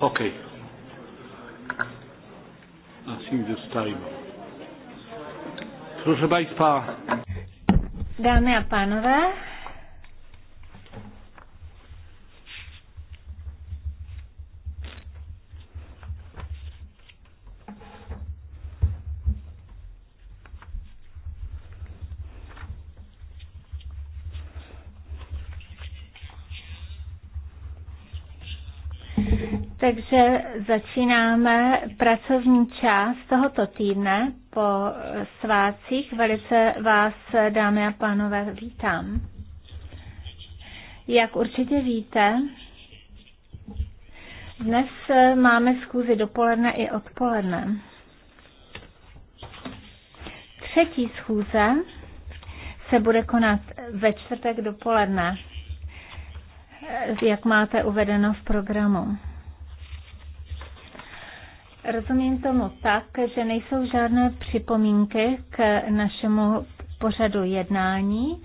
OK. I think this time. Proszę Państwa. Dámy a pánové, takže začínáme pracovní část tohoto týdne po svácích. Velice vás, dámy a pánové, vítám. Jak určitě víte, dnes máme schůzi dopoledne i odpoledne. Třetí schůze se bude konat ve čtvrtek dopoledne, jak máte uvedeno v programu. Rozumím tomu tak, že nejsou žádné připomínky k našemu pořadu jednání,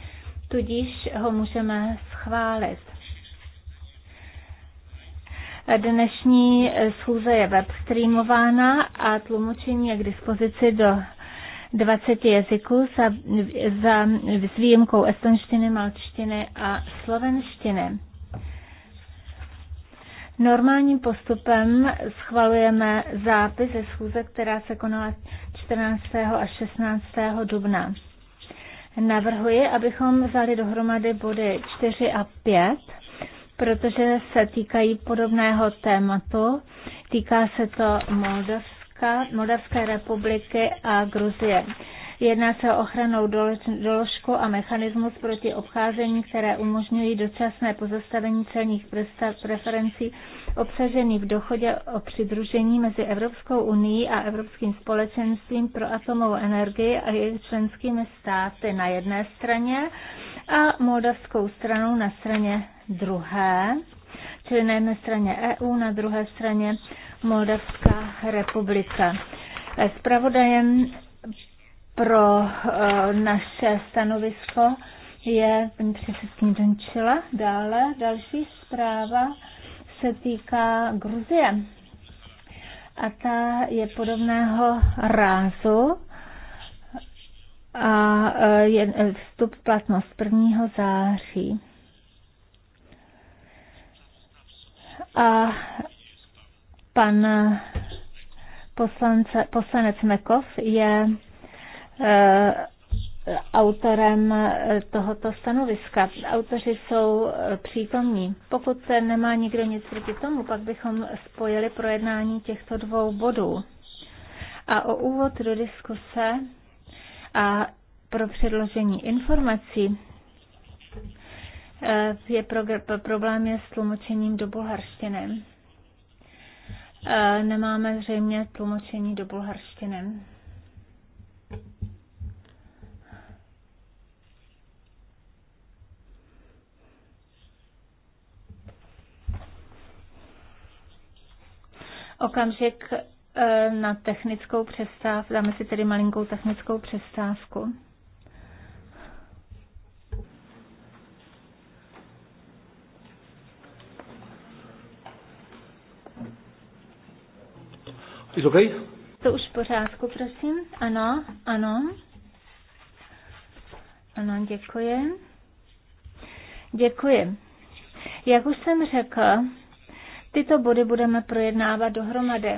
tudíž ho můžeme schválit. Dnešní schůze je webstreamována a tlumočení je k dispozici do 20 jazyků za, za, s výjimkou estonštiny, malčtiny a slovenštiny. Normálním postupem schvalujeme zápis ze schůze, která se konala 14. a 16. dubna. Navrhuji, abychom vzali dohromady body 4 a 5, protože se týkají podobného tématu. Týká se to Moldavska, Moldavské republiky a Gruzie. Jedná se o ochranou doložku a mechanismus proti obcházení, které umožňují dočasné pozastavení celních preferencí obsažených v dochodě o přidružení mezi Evropskou unii a Evropským společenstvím pro atomovou energii a jejich členskými státy na jedné straně a moldavskou stranou na straně druhé, čili na jedné straně EU, na druhé straně Moldavská republika. Spravodajem pro eh, naše stanovisko je předsedkyně Dončila. Dále další zpráva se týká Gruzie. A ta je podobného rázu a eh, je eh, vstup platnost 1. září. A pan poslance, poslanec Mekov je Eh, autorem eh, tohoto stanoviska. Autoři jsou eh, přítomní. Pokud se nemá nikdo nic proti tomu, pak bychom spojili projednání těchto dvou bodů. A o úvod do diskuse a pro předložení informací je problém je s tlumočením do bulharštiny. Nemáme zřejmě tlumočení do bulharštiny. okamžik eh, na technickou přestávku. Dáme si tedy malinkou technickou přestávku. Is okay? To už v pořádku, prosím. Ano, ano. Ano, děkuji. Děkuji. Jak už jsem řekla, Tyto body budeme projednávat dohromady.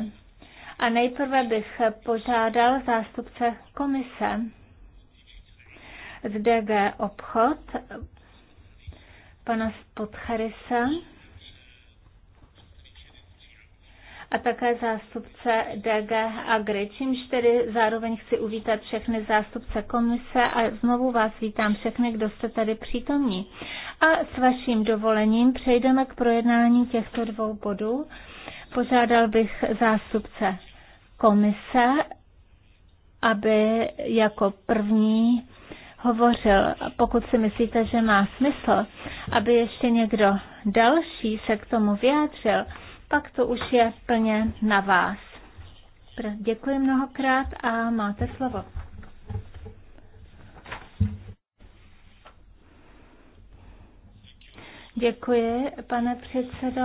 A nejprve bych požádal zástupce komise z DG Obchod, pana Spotcharise, a také zástupce DG Agri, čímž tedy zároveň chci uvítat všechny zástupce komise a znovu vás vítám všechny, kdo jste tady přítomní. A s vaším dovolením přejdeme k projednání těchto dvou bodů. Požádal bych zástupce komise, aby jako první hovořil, pokud si myslíte, že má smysl, aby ještě někdo další se k tomu vyjádřil, pak to už je plně na vás. Děkuji mnohokrát a máte slovo. Děkuji, pane předsedo.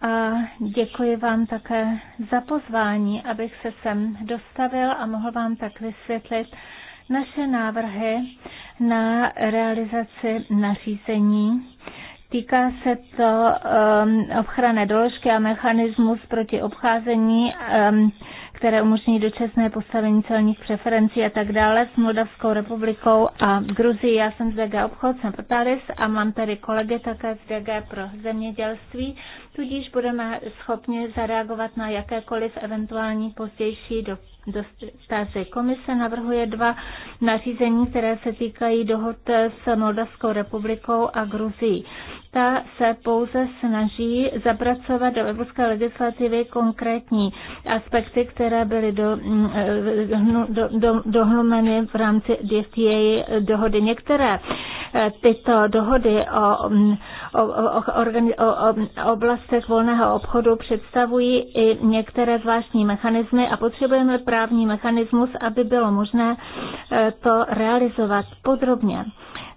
A děkuji vám také za pozvání, abych se sem dostavil a mohl vám tak vysvětlit naše návrhy na realizaci nařízení Týká se to um, ochranné doložky a mechanismus proti obcházení, um, které umožní dočasné postavení celních preferencí a tak dále s Moldavskou republikou a Gruzií. Já jsem z DG obchod, jsem Potaris a mám tady kolegy také z DG pro zemědělství, tudíž budeme schopni zareagovat na jakékoliv eventuální pozdější do dotazy. Komise navrhuje dva nařízení, které se týkají dohod s Moldavskou republikou a Gruzií. Ta se pouze snaží zapracovat do evropské legislativy konkrétní aspekty, které byly do, mm, eh, do, do, dohlumeny v rámci DFTA dohody. Některé eh, tyto dohody o, mm, o, o, o, o, o oblastech volného obchodu představují i některé zvláštní mechanismy a potřebujeme právní mechanismus, aby bylo možné eh, to realizovat podrobně.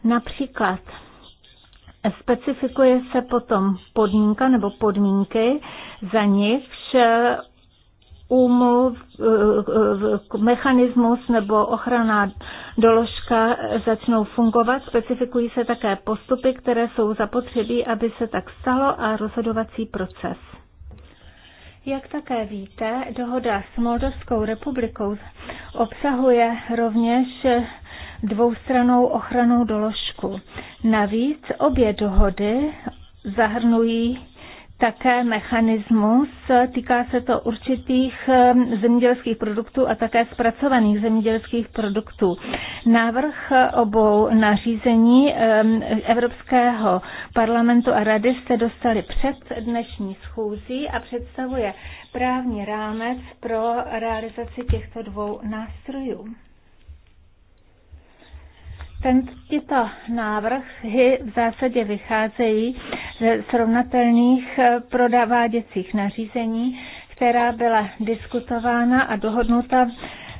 Například eh, specifikuje se potom podmínka nebo podmínky, za nichž eh, úmluv, mechanismus nebo ochrana doložka začnou fungovat. Specifikují se také postupy, které jsou zapotřebí, aby se tak stalo a rozhodovací proces. Jak také víte, dohoda s Moldovskou republikou obsahuje rovněž dvoustranou ochranou doložku. Navíc obě dohody zahrnují také mechanismus, týká se to určitých ehm, zemědělských produktů a také zpracovaných zemědělských produktů. Návrh obou nařízení ehm, Evropského parlamentu a rady jste dostali před dnešní schůzí a představuje právní rámec pro realizaci těchto dvou nástrojů ten, tyto návrhy v zásadě vycházejí ze srovnatelných eh, prodáváděcích nařízení, která byla diskutována a dohodnuta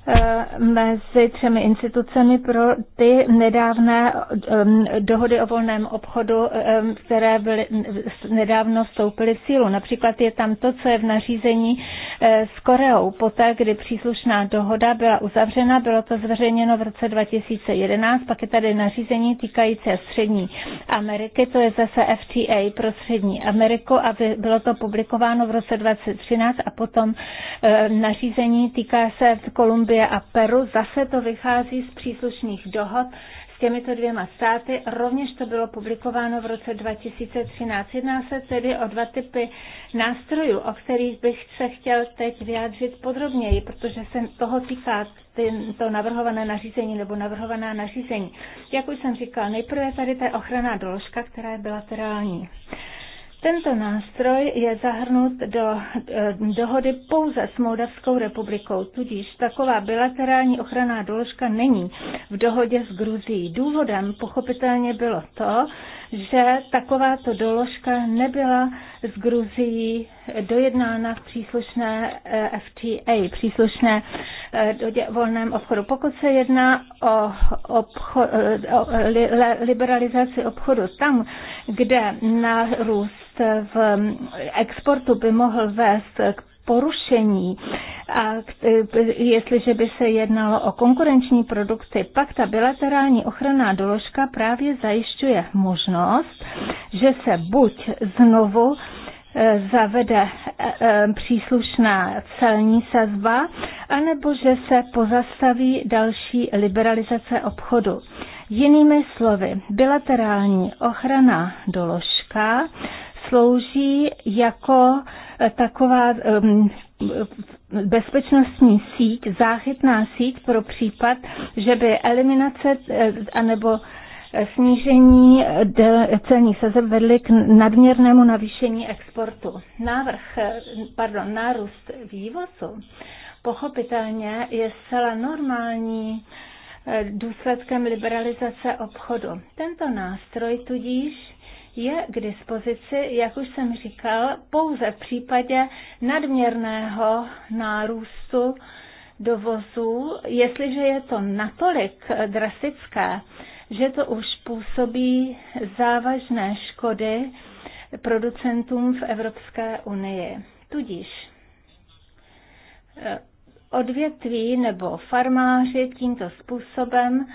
Eh, mezi třemi institucemi pro ty nedávné eh, dohody o volném obchodu, eh, které byly, nedávno vstoupily v sílu. Například je tam to, co je v nařízení s Koreou. Poté, kdy příslušná dohoda byla uzavřena, bylo to zveřejněno v roce 2011, pak je tady nařízení týkající Střední Ameriky, to je zase FTA pro Střední Ameriku a bylo to publikováno v roce 2013 a potom nařízení týká se v Kolumbii Kolumbie a Peru. Zase to vychází z příslušných dohod s těmito dvěma státy. Rovněž to bylo publikováno v roce 2013. Jedná se tedy o dva typy nástrojů, o kterých bych se chtěl teď vyjádřit podrobněji, protože se toho týká to navrhované nařízení nebo navrhovaná nařízení. Jak už jsem říkal, nejprve tady ta ochranná doložka, která je bilaterální. Tento nástroj je zahrnut do eh, dohody pouze s Moldavskou republikou, tudíž taková bilaterální ochranná doložka není v dohodě s Gruzií. Důvodem pochopitelně bylo to, že takováto doložka nebyla s Gruzií dojednána v příslušné eh, FTA, příslušné eh, volném obchodu. Pokud se jedná o, obchod, eh, o liberalizaci obchodu tam, kde na růst v mm, exportu by mohl vést k porušení. A jestliže by se jednalo o konkurenční produkty, pak ta bilaterální ochranná doložka právě zajišťuje možnost, že se buď znovu e, zavede e, e, příslušná celní sazba, anebo že se pozastaví další liberalizace obchodu. Jinými slovy, bilaterální ochrana doložka slouží jako Eh, taková bezpečnostní síť, záchytná síť pro případ, že by eliminace eh, anebo eh, snížení celních sazeb vedly k nadměrnému navýšení exportu. Návrh, pardon, nárůst vývozu pochopitelně je zcela normální důsledkem liberalizace obchodu. Tento nástroj tudíž je k dispozici, jak už jsem říkal, pouze v případě nadměrného nárůstu dovozu, jestliže je to natolik drastické, že to už působí závažné škody producentům v Evropské unii. Tudíž eh, odvětví nebo farmáři tímto způsobem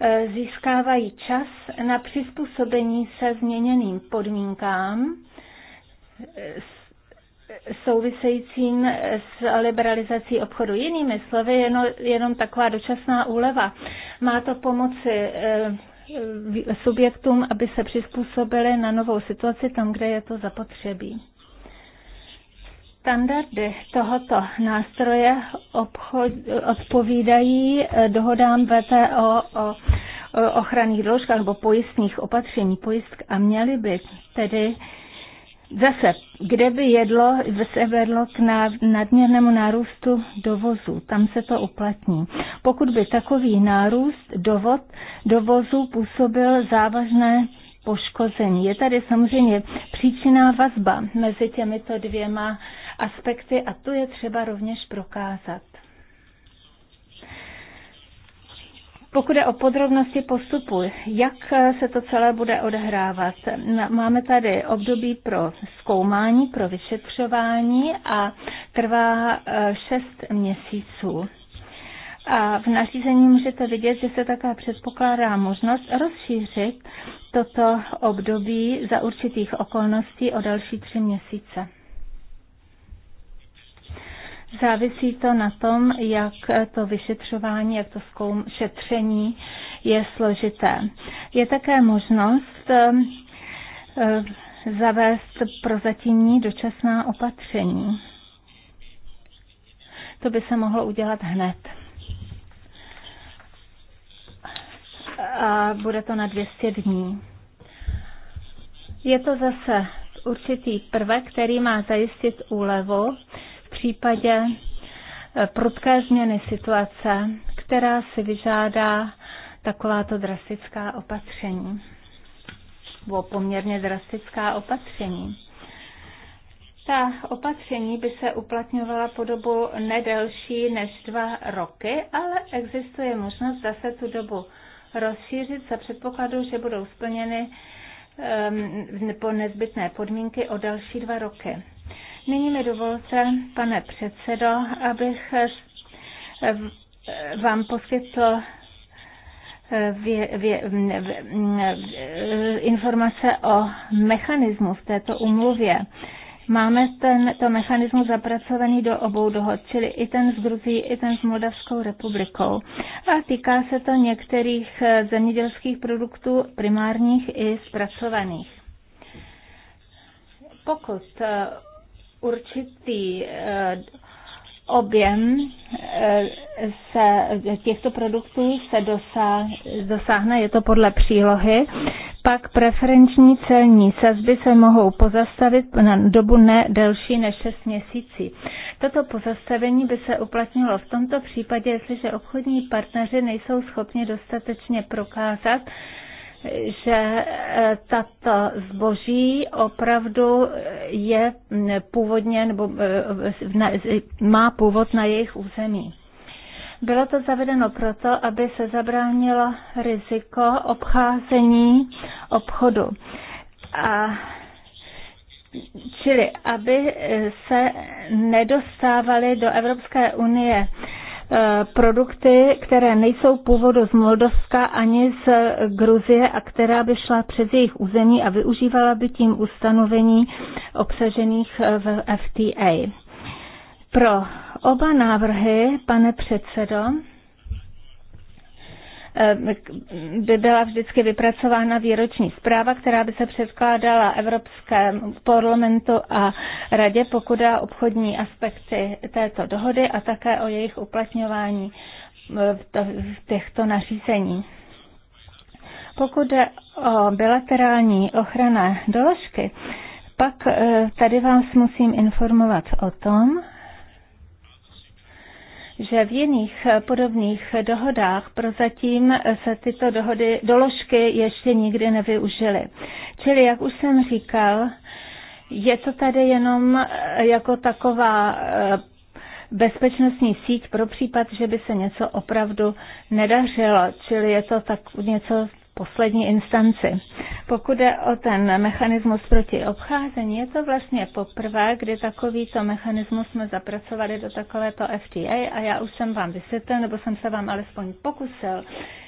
E, získávají čas na přizpůsobení se změněným podmínkám e, souvisejícím s liberalizací obchodu. Jinými slovy, jenom, jenom taková dočasná úleva. Má to pomoci e, subjektům, aby se přizpůsobili na novou situaci tam, kde je to zapotřebí. Standardy tohoto nástroje obchod, odpovídají eh, dohodám VTO o ochranných doložkách nebo pojistných opatření, pojistk a měly by tedy Zase, kde by jedlo, se vedlo k nadměrnému nárůstu dovozu, tam se to uplatní. Pokud by takový nárůst dovod, dovozu působil závažné poškození. Je tady samozřejmě příčinná vazba mezi těmito dvěma aspekty a to je třeba rovněž prokázat. Pokud je o podrobnosti postupu, jak se to celé bude odehrávat? Máme tady období pro zkoumání, pro vyšetřování a trvá 6 e, měsíců. A v nařízení můžete vidět, že se také předpokládá možnost rozšířit toto období za určitých okolností o další tři měsíce. Závisí to na tom, jak to vyšetřování, jak to zkoum, šetření je složité. Je také možnost eh, zavést prozatímní dočasná opatření. To by se mohlo udělat hned. A bude to na 200 dní. Je to zase určitý prvek, který má zajistit úlevu případě eh, prudké změny situace, která si vyžádá takováto drastická opatření. Bo poměrně drastická opatření. Ta opatření by se uplatňovala po dobu nedelší než dva roky, ale existuje možnost zase tu dobu rozšířit za předpokladu, že budou splněny um, ehm, po nezbytné podmínky o další dva roky. Nyní mi dovolte, pane předsedo, abych vám poskytl informace o mechanismu v této umluvě. Máme ten, to mechanismus zapracovaný do obou dohod, čili i ten s Gruzií, i ten s Moldavskou republikou. A týká se to některých eh, zemědělských produktů, primárních i zpracovaných. Pokud eh, určitý eh, objem eh, se, těchto produktů se dosáhne, je to podle přílohy, pak preferenční celní sazby se mohou pozastavit na dobu ne delší než 6 měsící. Toto pozastavení by se uplatnilo v tomto případě, jestliže obchodní partneři nejsou schopni dostatečně prokázat, že eh, tato zboží opravdu je původně nebo eh, má původ na jejich území. Bylo to zavedeno proto, aby se zabránilo riziko obcházení obchodu. A Čili aby se nedostávaly do Evropské unie Eh, produkty, které nejsou původu z Moldovska ani z Gruzie a která by šla přes jejich území a využívala by tím ustanovení obsažených eh, v FTA. Pro oba návrhy, pane předsedo, by byla vždycky vypracována výroční zpráva, která by se předkládala Evropskému parlamentu a radě, pokud dá obchodní aspekty této dohody a také o jejich uplatňování v těchto nařízení. Pokud jde o bilaterální ochranné doložky, pak eh, tady vás musím informovat o tom, že v jiných podobných dohodách prozatím se tyto dohody, doložky ještě nikdy nevyužily. Čili, jak už jsem říkal, je to tady jenom eh, jako taková eh, bezpečnostní síť pro případ, že by se něco opravdu nedařilo, čili je to tak něco poslední instanci. Pokud je o ten mechanismus proti obcházení, je to vlastně poprvé, kdy takovýto mechanismus jsme zapracovali do takovéto FTA a já už jsem vám vysvětlil, nebo jsem se vám alespoň pokusil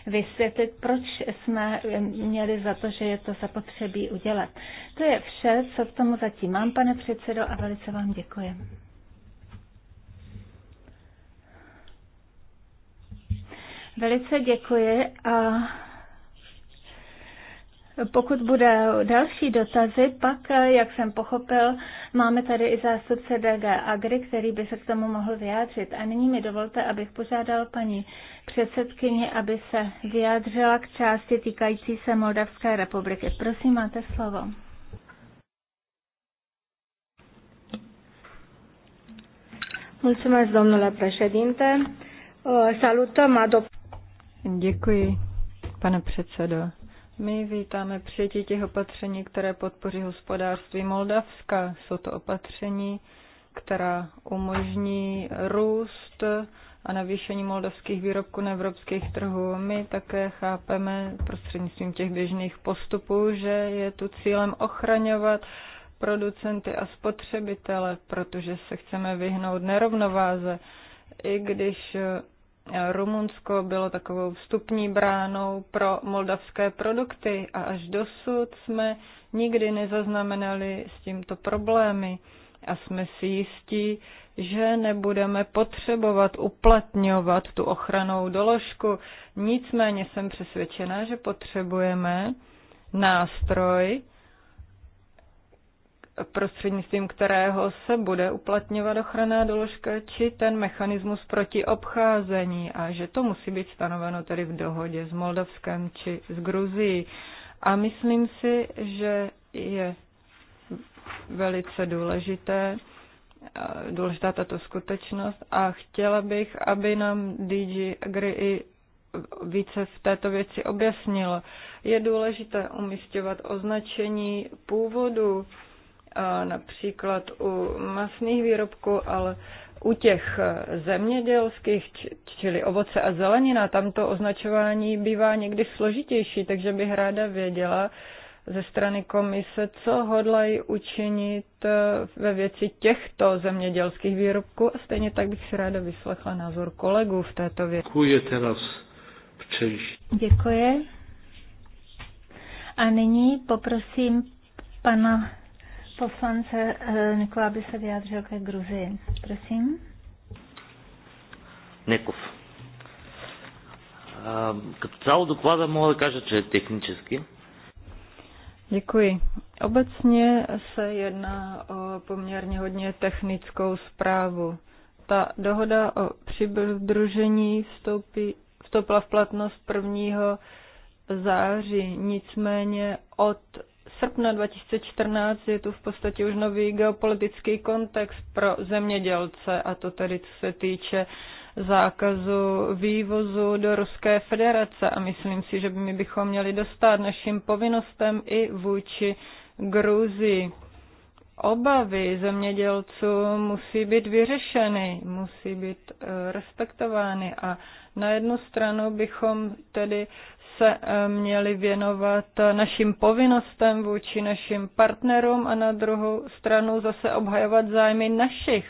vysvětlit, proč jsme měli za to, že je to zapotřebí udělat. To je vše, co k tomu zatím mám, pane předsedo, a velice vám děkuji. Velice děkuji a pokud bude další dotazy, pak, jak jsem pochopil, máme tady i zástupce DG Agri, který by se k tomu mohl vyjádřit. A nyní mi dovolte, abych požádal paní předsedkyni, aby se vyjádřila k části týkající se Moldavské republiky. Prosím, máte slovo. Mulțumesc, domnule președinte. Salutăm adoptarea. Děkuji, pane předsedo. My vítáme přijetí těch opatření, které podpoří hospodářství Moldavska. Jsou to opatření, která umožní růst a navýšení moldavských výrobků na evropských trhů. My také chápeme prostřednictvím těch běžných postupů, že je tu cílem ochraňovat producenty a spotřebitele, protože se chceme vyhnout nerovnováze. I když Rumunsko bylo takovou vstupní bránou pro moldavské produkty a až dosud jsme nikdy nezaznamenali s tímto problémy a jsme si jistí, že nebudeme potřebovat uplatňovat tu ochranou doložku. Nicméně jsem přesvědčena, že potřebujeme nástroj, prostřednictvím kterého se bude uplatňovat ochranná doložka či ten mechanismus proti obcházení a že to musí být stanoveno tedy v dohodě s Moldavskem či s Gruzií. A myslím si, že je velice důležité, eh, důležitá tato skutečnost a chtěla bych, aby nám DG Agri i více v této věci objasnilo. Je důležité umistovat označení původu například u masných výrobků, ale u těch e, zemědělských, čili ovoce a zelenina, tam to označování bývá někdy složitější, takže bych ráda věděla ze strany komise, co hodlají učinit e, ve věci těchto zemědělských výrobků a stejně tak bych si ráda vyslechla názor kolegů v této věci. Děkuji teraz přejiš. Děkuji. A nyní poprosím pana poslance eh, Nikola by se vyjádřil ke Gruzii. Prosím. Неков. Eh, като цяло доклада мога да кажа, че е технически. Děkuji. Obecně se jedná o poměrně hodně technickou zprávu. Ta dohoda o přidružení vstoupí, vstoupila v platnost 1. září, nicméně od srpna 2014 je tu v podstatě už nový geopolitický kontext pro zemědělce a to tedy co se týče zákazu vývozu do Ruské federace a myslím si, že by my bychom měli dostat našim povinnostem i vůči Gruzii. Obavy zemědělců musí být vyřešeny, musí být eh, respektovány a na jednu stranu bychom tedy se eh, měli věnovat eh, našim povinnostem vůči našim partnerům a na druhou stranu zase obhajovat zájmy našich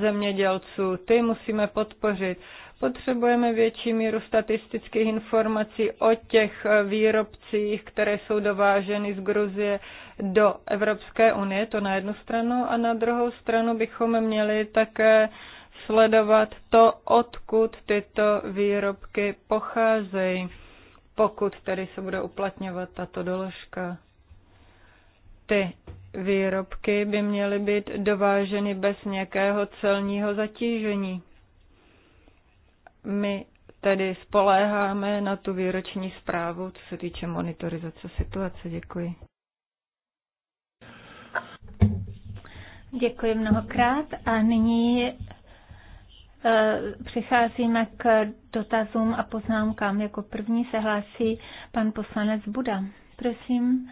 zemědělců. Ty musíme podpořit. Potřebujeme větší míru statistických informací o těch eh, výrobcích, které jsou dováženy z Gruzie do Evropské unie, to na jednu stranu, a na druhou stranu bychom měli také sledovat to, odkud tyto výrobky pocházejí pokud tedy se bude uplatňovat tato doložka. Ty výrobky by měly být dováženy bez nějakého celního zatížení. My tedy spoléháme na tu výroční zprávu, co se týče monitorizace situace. Děkuji. Děkuji mnohokrát a nyní Eh, přicházíme k dotazům a poznámkám. Jako první se hlásí pan poslanec Buda. Prosím,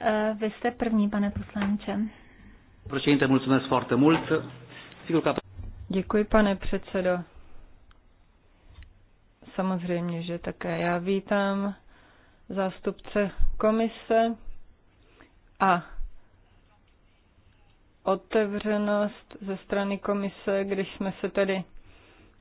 eh, vy jste první, pane poslanče. Děkuji, pane předsedo. Samozřejmě, že také já vítám zástupce komise a otevřenost ze strany komise, když jsme se tedy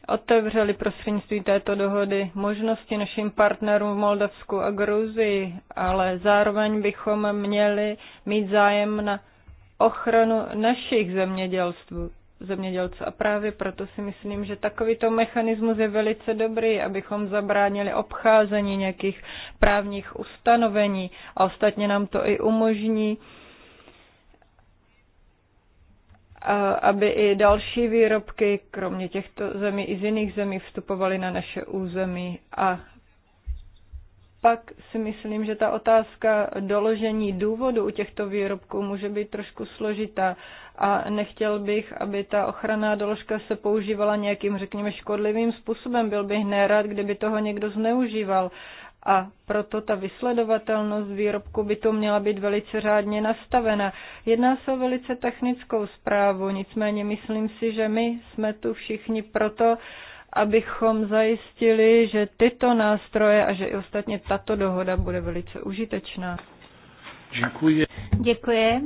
otevřeli prostřednictvím této dohody možnosti našim partnerům v Moldavsku a Gruzii, ale zároveň bychom měli mít zájem na ochranu našich zemědělství, zemědělců. A právě proto si myslím, že takovýto mechanismus je velice dobrý, abychom zabránili obcházení nějakých právních ustanovení. A ostatně nám to i umožní uh, aby i další výrobky, kromě těchto zemí i z jiných zemí, vstupovaly na naše území. A pak si myslím, že ta otázka doložení důvodu u těchto výrobků může být trošku složitá a nechtěl bych, aby ta ochranná doložka se používala nějakým, řekněme, škodlivým způsobem. Byl bych nerad, kdyby toho někdo zneužíval. Uh, a proto ta vysledovatelnost výrobku by to měla být velice řádně nastavena. Jedná se o velice technickou zprávu, nicméně myslím si, že my jsme tu všichni proto, abychom zajistili, že tyto nástroje a že i ostatně tato dohoda bude velice užitečná. Děkuji. Děkuji.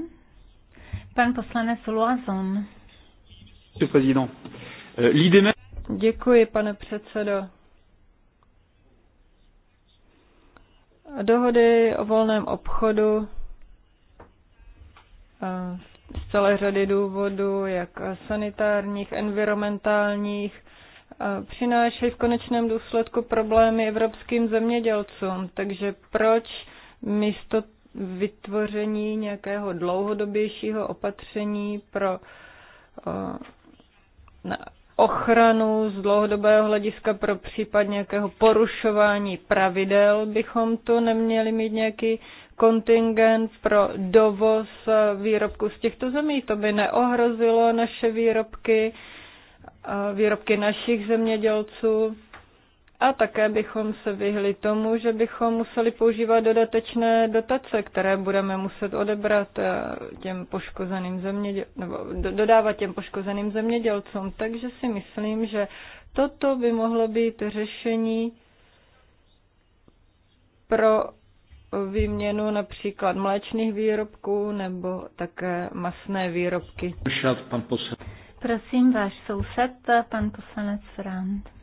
Pan poslanec Luazon. Euh, Děkuji, pane předsedo. Dohody o volném obchodu eh, z celé řady důvodů, jak sanitárních, environmentálních, eh, přinášejí v konečném důsledku problémy evropským zemědělcům. Takže proč místo vytvoření nějakého dlouhodobějšího opatření pro eh, na ochranu z dlouhodobého hlediska pro případ nějakého porušování pravidel bychom tu neměli mít nějaký kontingent pro dovoz výrobků z těchto zemí. To by neohrozilo naše výrobky, výrobky našich zemědělců. A také bychom se vyhli tomu, že bychom museli používat dodatečné dotace, které budeme muset odebrat eh, těm poškozeným zeměděl, nebo dodávat těm poškozeným zemědělcům. Takže si myslím, že toto by mohlo být řešení pro výměnu například mléčných výrobků nebo také masné výrobky. Prosím, váš soused, pan poslanec Rand.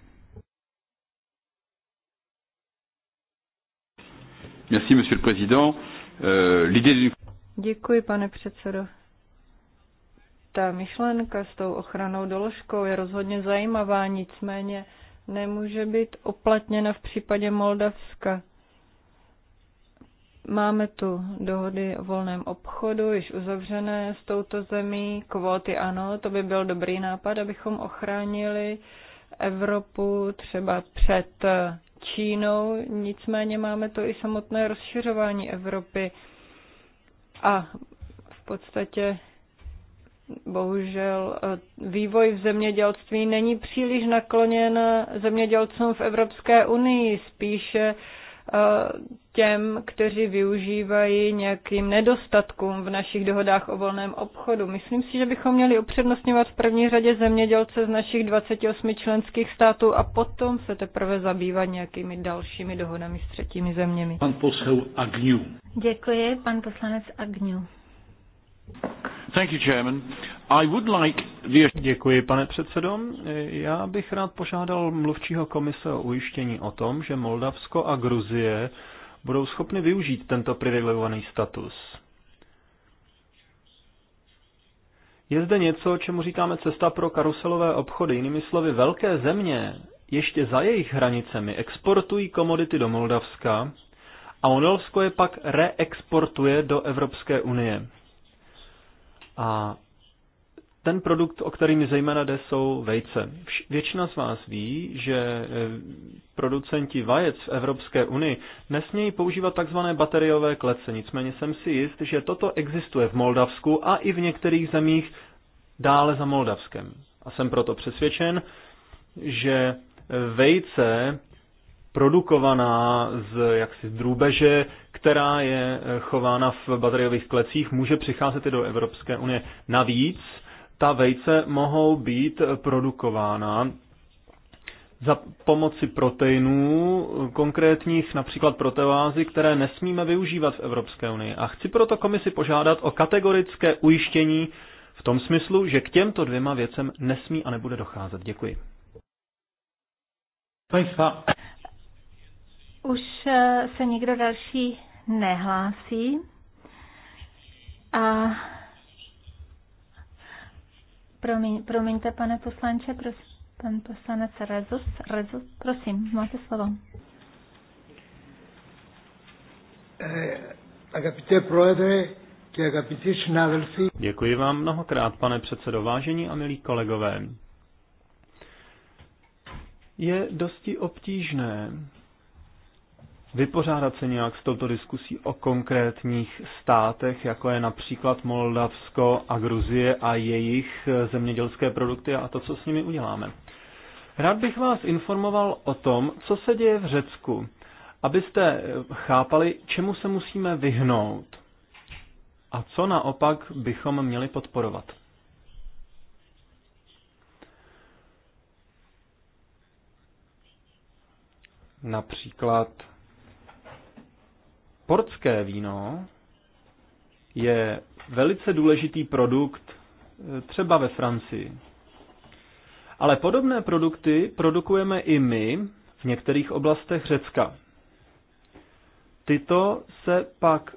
Merci, monsieur le président. Euh, Děkuji, pane předsedo. Ta myšlenka s tou ochranou doložkou je rozhodně zajímavá, nicméně nemůže být oplatněna v případě Moldavska. Máme tu dohody o volném obchodu, již uzavřené s touto zemí, kvóty ano, to by byl dobrý nápad, abychom ochránili uh, Evropu třeba před Čínou, nicméně máme to i samotné rozšiřování Evropy a v podstatě bohužel vývoj v zemědělství není příliš nakloněn zemědělcům v Evropské unii, spíše těm, kteří využívají nějakým nedostatkům v našich dohodách o volném obchodu. Myslím si, že bychom měli upřednostňovat v první řadě zemědělce z našich 28 členských států a potom se teprve zabývat nějakými dalšími dohodami s třetími zeměmi. Pan poslanec Agňu. Děkuji, pan poslanec Agňu. Děkuji, pane předsedo. Já bych rád požádal mluvčího komise o ujištění o tom, že Moldavsko a Gruzie budou schopny využít tento privilegovaný status. Je zde něco, čemu říkáme cesta pro karuselové obchody. Jinými slovy, velké země ještě za jejich hranicemi exportují komodity do Moldavska a Moldavsko je pak reexportuje do Evropské unie. A ten produkt, o který mi zejména jde, jsou vejce. Většina z vás ví, že eh, producenti vajec v Evropské unii nesmějí používat tzv. bateriové klece. Nicméně jsem si jist, že toto existuje v Moldavsku a i v některých zemích dále za Moldavskem. A jsem proto přesvědčen, že vejce produkovaná z jaksi z drůbeže, která je eh, chována v bateriových klecích, může přicházet i do Evropské unie. Navíc ta vejce mohou být eh, produkována za pomoci proteinů, eh, konkrétních například proteoázy, které nesmíme využívat v Evropské unii. A chci proto komisi požádat o kategorické ujištění v tom smyslu, že k těmto dvěma věcem nesmí a nebude docházet. Děkuji. Państwa. Už eh, se nikdo další nehlásí. A Promiň, promiňte, pane poslanče, pros, pan poslanec Rezus, Rezus, prosím, máte slovo. Eh, Děkuji vám mnohokrát, pane předsedo, vážení a milí kolegové. Je dosti obtížné vypořádat se nějak s touto diskusí o konkrétních státech, jako je například Moldavsko a Gruzie a jejich eh, zemědělské produkty a to, co s nimi uděláme. Rád bych vás informoval o tom, co se děje v Řecku, abyste eh, chápali, čemu se musíme vyhnout a co naopak bychom měli podporovat. Například Portské víno je velice důležitý produkt eh, třeba ve Francii. Ale podobné produkty produkujeme i my v některých oblastech Řecka. Tyto se pak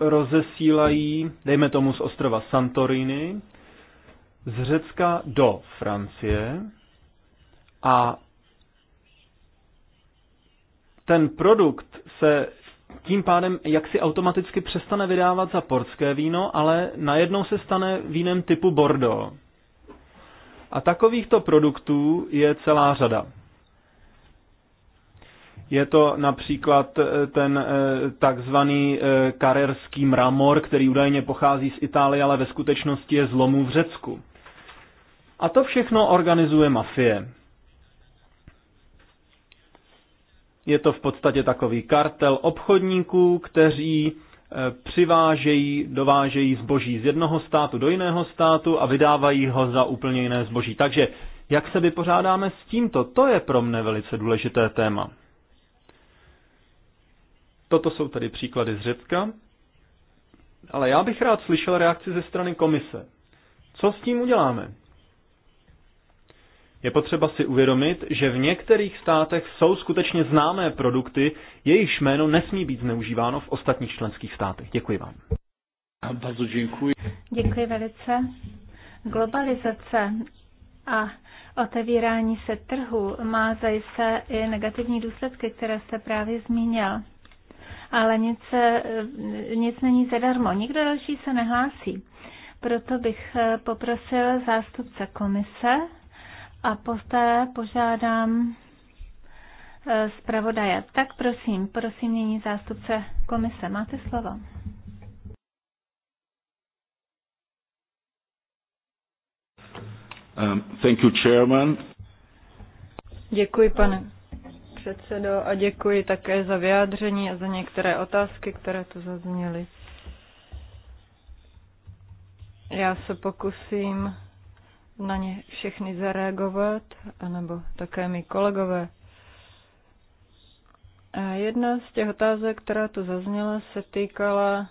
rozesílají, dejme tomu z ostrova Santorini, z Řecka do Francie a ten produkt se tím pádem jaksi automaticky přestane vydávat za portské víno, ale najednou se stane vínem typu Bordeaux. A takovýchto produktů je celá řada. Je to například eh, ten eh, takzvaný eh, karerský mramor, který údajně pochází z Itálie, ale ve skutečnosti je zlomu v Řecku. A to všechno organizuje mafie. Je to v podstatě takový kartel obchodníků, kteří e, přivážejí, dovážejí zboží z jednoho státu do jiného státu a vydávají ho za úplně jiné zboží. Takže jak se vypořádáme s tímto? To je pro mne velice důležité téma. Toto jsou tedy příklady z Řecka. Ale já bych rád slyšel reakci ze strany komise. Co s tím uděláme? Je potřeba si uvědomit, že v některých státech jsou skutečně známé produkty, jejichž jméno nesmí být zneužíváno v ostatních členských státech. Děkuji vám. děkuji. Děkuji velice. Globalizace a otevírání se trhu má zajisté i negativní důsledky, které jste právě zmínil. Ale nic, eh, nic není zadarmo. Nikdo další se nehlásí. Proto bych eh, poprosil zástupce komise, a poté požádám eh, zpravodaje. Tak prosím, prosím nyní zástupce komise. Máte slovo. Um, thank you, chairman. Děkuji, pane předsedo, a děkuji také za vyjádření a za některé otázky, které tu zazněly. Já se pokusím na ně všechny zareagovat, anebo také mi kolegové. A jedna z těch otázek, která tu zazněla, se týkala,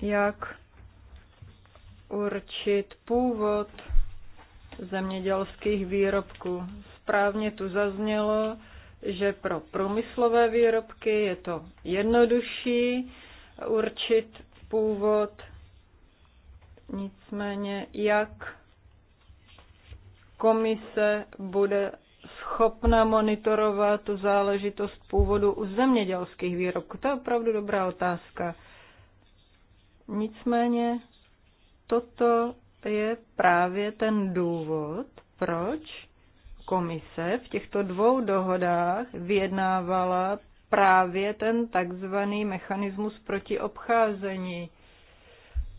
jak určit původ zemědělských výrobků. Správně tu zaznělo, že pro průmyslové výrobky je to jednodušší určit původ, nicméně jak komise bude schopna monitorovat tu záležitost původu u zemědělských výrobků? To je opravdu dobrá otázka. Nicméně toto je právě ten důvod, proč komise v těchto dvou dohodách vyjednávala právě ten takzvaný mechanismus proti obcházení.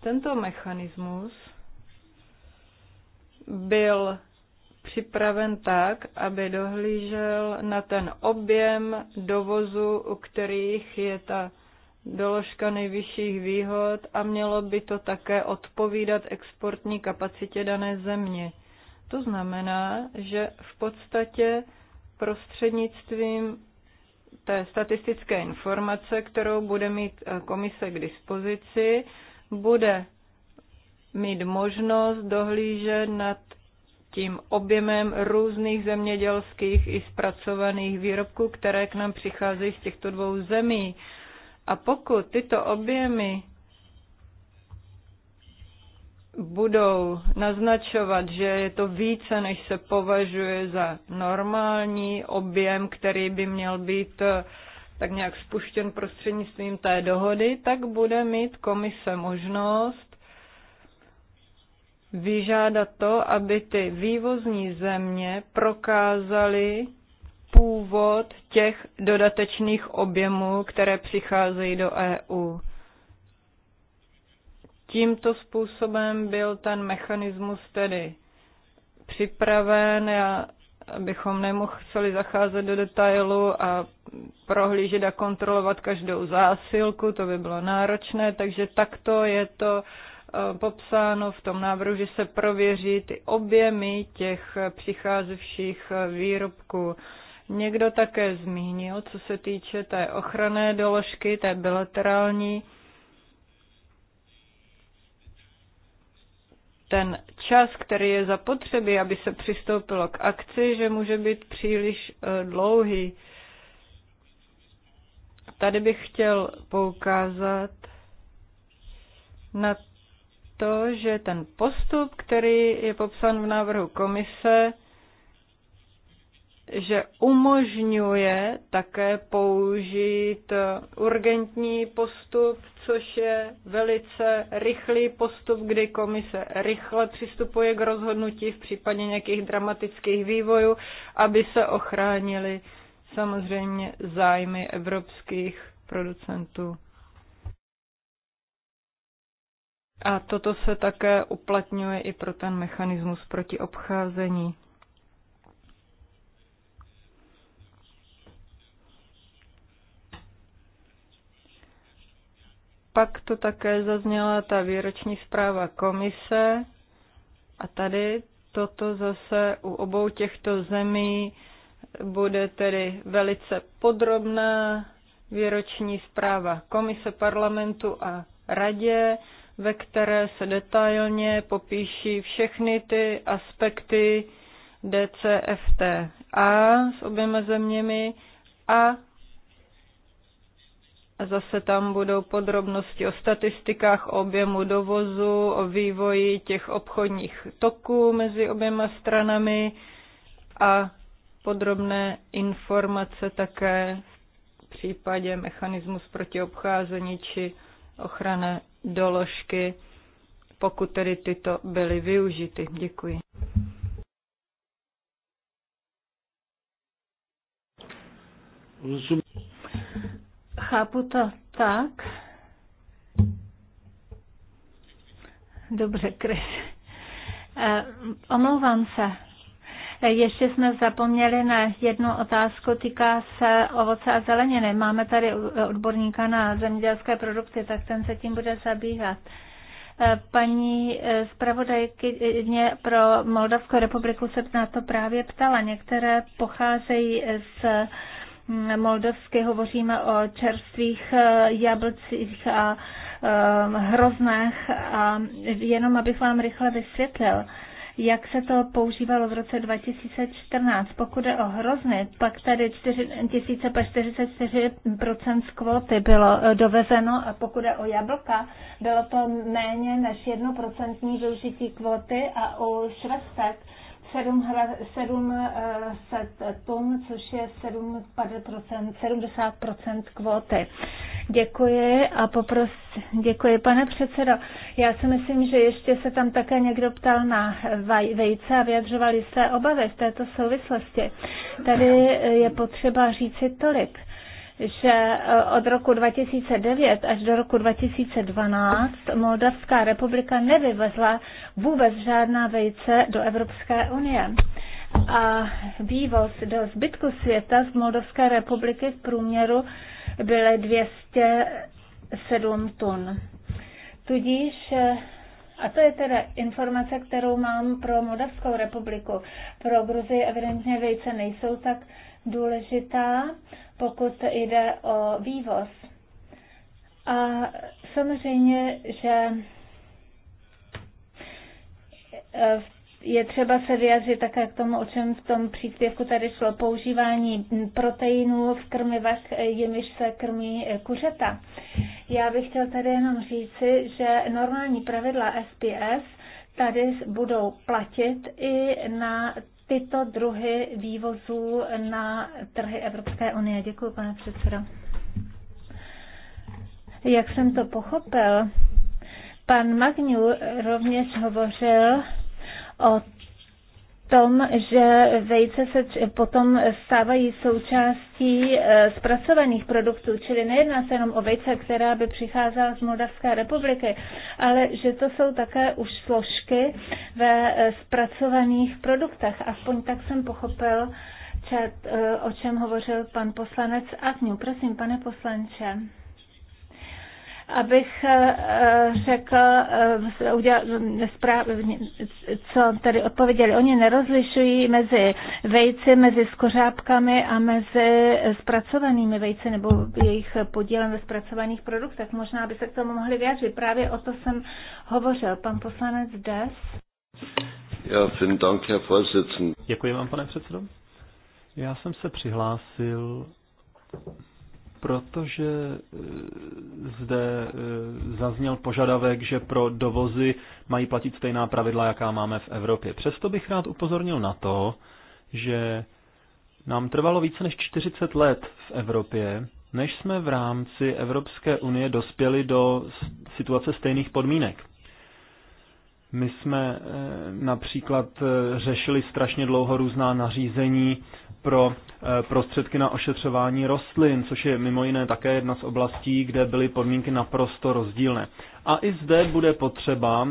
Tento mechanismus byl připraven tak, aby dohlížel na ten objem dovozu, u kterých je ta doložka nejvyšších výhod a mělo by to také odpovídat exportní kapacitě dané země. To znamená, že v podstatě prostřednictvím té statistické informace, kterou bude mít eh, komise k dispozici, bude mít možnost dohlížet nad tím objemem různých zemědělských i zpracovaných výrobků, které k nám přicházejí z těchto dvou zemí. A pokud tyto objemy budou naznačovat, že je to více, než se považuje za normální objem, který by měl být eh, tak nějak spuštěn prostřednictvím té dohody, tak bude mít komise možnost vyžádat to, aby ty vývozní země prokázaly původ těch dodatečných objemů, které přicházejí do EU. Tímto způsobem byl ten mechanismus tedy připraven, já, abychom nemuseli zacházet do detailu a prohlížet a kontrolovat každou zásilku, to by bylo náročné, takže takto je to uh, Eh, popsáno v tom návrhu, že se prověří ty objemy těch přicházevších eh, výrobků. Někdo také zmínil, co se týče té ochranné doložky, té bilaterální, ten čas, který je zapotřebí, aby se přistoupilo k akci, že může být příliš eh, dlouhý. Tady bych chtěl poukázat na to, že ten postup, který je popsán v návrhu komise, že umožňuje také použít urgentní postup, což je velice rychlý postup, kdy komise rychle přistupuje k rozhodnutí v případě nějakých dramatických vývojů, aby se ochránili samozřejmě zájmy evropských producentů. A toto se také uplatňuje i pro ten mechanismus proti obcházení. Pak to také zazněla ta výroční zpráva komise a tady toto zase u obou těchto zemí bude tedy velice podrobná výroční zpráva Komise parlamentu a radě ve které se detailně popíší všechny ty aspekty DCFTA s oběma zeměmi a zase tam budou podrobnosti o statistikách, o objemu dovozu, o vývoji těch obchodních toků mezi oběma stranami a podrobné informace také v případě mechanismus proti obcházení či ochrana doložky, pokud tedy tyto byly využity. Děkuji. Chápu to tak. Dobře, Chris. Eh, omlouvám se. Ještě jsme zapomněli na jednu otázku, týká se ovoce a zeleniny. Máme tady odborníka na zemědělské produkty, tak ten se tím bude zabývat e, paní e, zpravodajkyně pro Moldavskou republiku se na to právě ptala. Některé pocházejí z Moldavsky, hovoříme o čerstvých e, jablcích a hroznech a jenom abych vám rychle vysvětlil jak se to používalo v roce 2014. Pokud je o hrozny, pak tady 4044% z kvóty bylo eh, dovezeno a pokud je o jablka, bylo to méně než 1% využití kvóty a u švestek 700 eh, tun, což je 70% kvóty. Děkuji a popros, děkuji pane předsedo. Já si myslím, že ještě se tam také někdo ptal na vejce a vyjadřovali své obavy v této souvislosti. Tady eh, je potřeba říci tolik že eh, od roku 2009 až do roku 2012 Moldavská republika nevyvezla vůbec žádná vejce do Evropské unie. A vývoz do zbytku světa z Moldavské republiky v průměru byly 207 tun. Tudíž eh, a to je teda informace, kterou mám pro Moldavskou republiku. Pro Gruzii evidentně vejce nejsou tak důležitá, pokud jde o vývoz. A samozřejmě, že e, je třeba se vyjádřit také k tomu, o čem v tom příspěvku tady šlo. Používání proteinů v krmivech, jimiž se krmí kuřata. Já bych chtěl tady jenom říci, že normální pravidla SPS tady budou platit i na tyto druhy vývozů na trhy Evropské unie. Děkuji, pane předsedo. Jak jsem to pochopil, pan Magnu rovněž hovořil o tom, že vejce se potom stávají součástí eh, zpracovaných produktů, čili nejedná se jenom o vejce, která by přicházela z Moldavské republiky, ale že to jsou také už složky ve eh, zpracovaných produktech. Aspoň tak jsem pochopil, čet, eh, o čem hovořil pan poslanec Agňu. Prosím, pane poslanče abych eh, řekl, eh, eh, co tady odpověděli. Oni nerozlišují mezi vejci, mezi skořápkami a mezi zpracovanými vejci nebo jejich podílem ve zpracovaných produktech. Možná by se k tomu mohli vyjádřit. Právě o to jsem hovořil. Pan poslanec Des. Já vielen Dank, Děkuji vám, pane předsedo. Já jsem se přihlásil protože e, zde e, zazněl požadavek, že pro dovozy mají platit stejná pravidla, jaká máme v Evropě. Přesto bych rád upozornil na to, že nám trvalo více než 40 let v Evropě, než jsme v rámci Evropské unie dospěli do situace stejných podmínek. My jsme eh, například eh, řešili strašně dlouho různá nařízení pro eh, prostředky na ošetřování rostlin, což je mimo jiné také jedna z oblastí, kde byly podmínky naprosto rozdílné. A i zde bude potřeba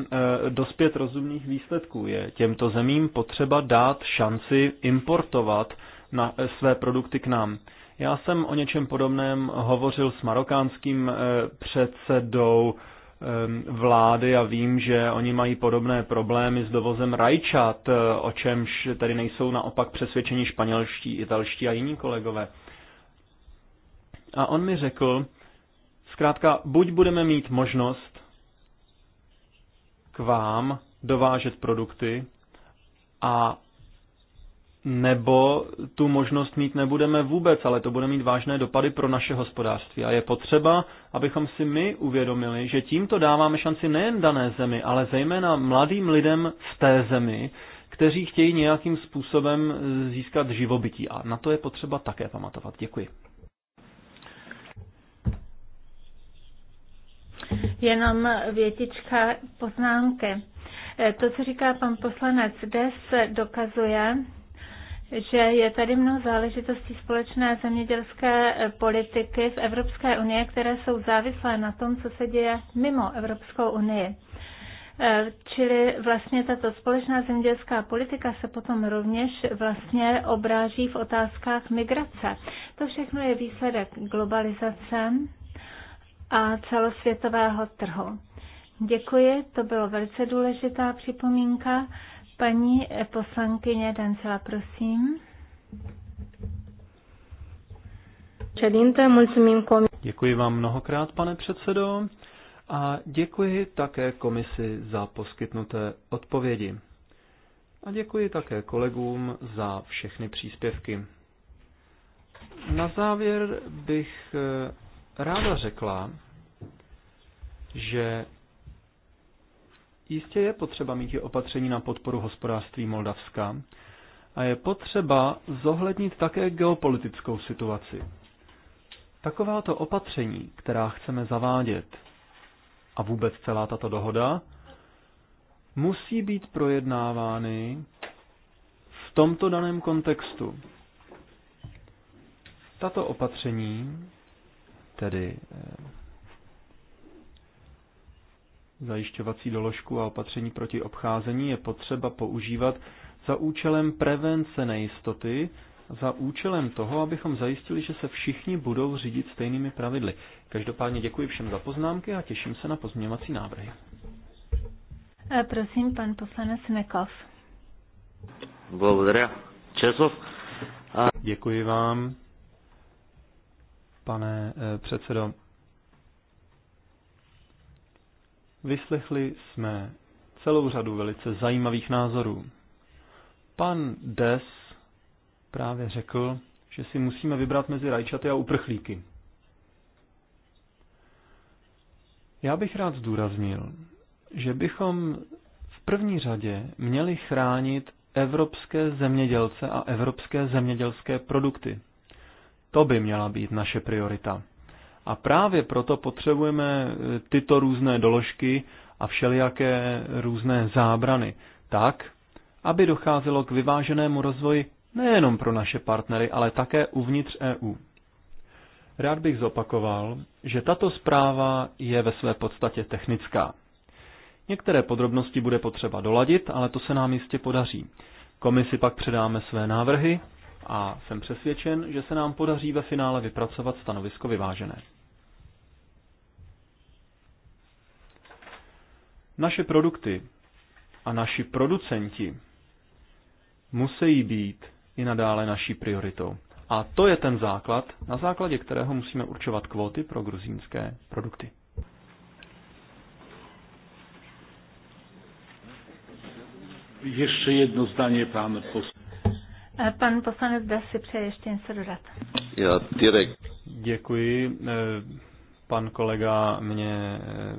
dospět rozumných výsledků. Je těmto zemím potřeba dát šanci importovat na své produkty k nám. Já jsem o něčem podobném hovořil s marokánským předsedou vlády a vím, že oni mají podobné problémy s dovozem rajčat, eh, o čemž tady nejsou naopak přesvědčeni španělští, italští a jiní kolegové. A on mi řekl, zkrátka, buď budeme mít možnost k vám dovážet produkty a nebo tu možnost mít nebudeme vůbec, ale to bude mít vážné dopady pro naše hospodářství. A je potřeba, abychom si my uvědomili, že tímto dáváme šanci nejen dané zemi, ale zejména mladým lidem v té zemi, kteří chtějí nějakým způsobem získat živobytí. A na to je potřeba také pamatovat. Děkuji. Jenom větička poznámky. To, co říká pan poslanec Des, dokazuje, že je tady mnoho záležitostí společné zemědělské eh, politiky v Evropské unii, které jsou závislé na tom, co se děje mimo Evropskou unii. Eh, čili vlastně tato společná zemědělská politika se potom rovněž vlastně obráží v otázkách migrace. To všechno je výsledek globalizace a celosvětového trhu. Děkuji, to bylo velice důležitá připomínka Paní poslankyně Dancela, prosím. Děkuji vám mnohokrát, pane předsedo, a děkuji také komisi za poskytnuté odpovědi. A děkuji také kolegům za všechny příspěvky. Na závěr bych eh, ráda řekla, že Jistě je potřeba mít opatření na podporu hospodářství Moldavska a je potřeba zohlednit také geopolitickou situaci. Takováto opatření, která chceme zavádět, a vůbec celá tato dohoda, musí být projednávány v tomto daném kontextu. Tato opatření, tedy eh, zajišťovací doložku a opatření proti obcházení je potřeba používat za účelem prevence nejistoty, za účelem toho, abychom zajistili, že se všichni budou řídit stejnými pravidly. Každopádně děkuji všem za poznámky a těším se na pozměňovací návrhy. A e, prosím, pan poslanec Nekov. Благодаря. Česov. A... Děkuji vám, pane e, předsedo. Vyslechli jsme celou řadu velice zajímavých názorů. Pan Des právě řekl, že si musíme vybrat mezi rajčaty a uprchlíky. Já bych rád zdůraznil, že bychom v první řadě měli chránit evropské zemědělce a evropské zemědělské produkty. To by měla být naše priorita. A právě proto potřebujeme eh, tyto různé doložky a všelijaké různé zábrany tak, aby docházelo k vyváženému rozvoji nejenom pro naše partnery, ale také uvnitř EU. Rád bych zopakoval, že tato zpráva je ve své podstatě technická. Některé podrobnosti bude potřeba doladit, ale to se nám jistě podaří. Komisi pak předáme své návrhy a jsem přesvědčen, že se nám podaří ve finále vypracovat stanovisko vyvážené. Naše produkty a naši producenti musí být i nadále naší prioritou. A to je ten základ, na základě kterého musíme určovat kvóty pro gruzínské produkty. Ještě jedno zdanie, pán poslanec. Eh, pan poslanec Des si přeje ještě něco dodat. Já Tyrek. Děkuji. Eh, pan kolega mě eh,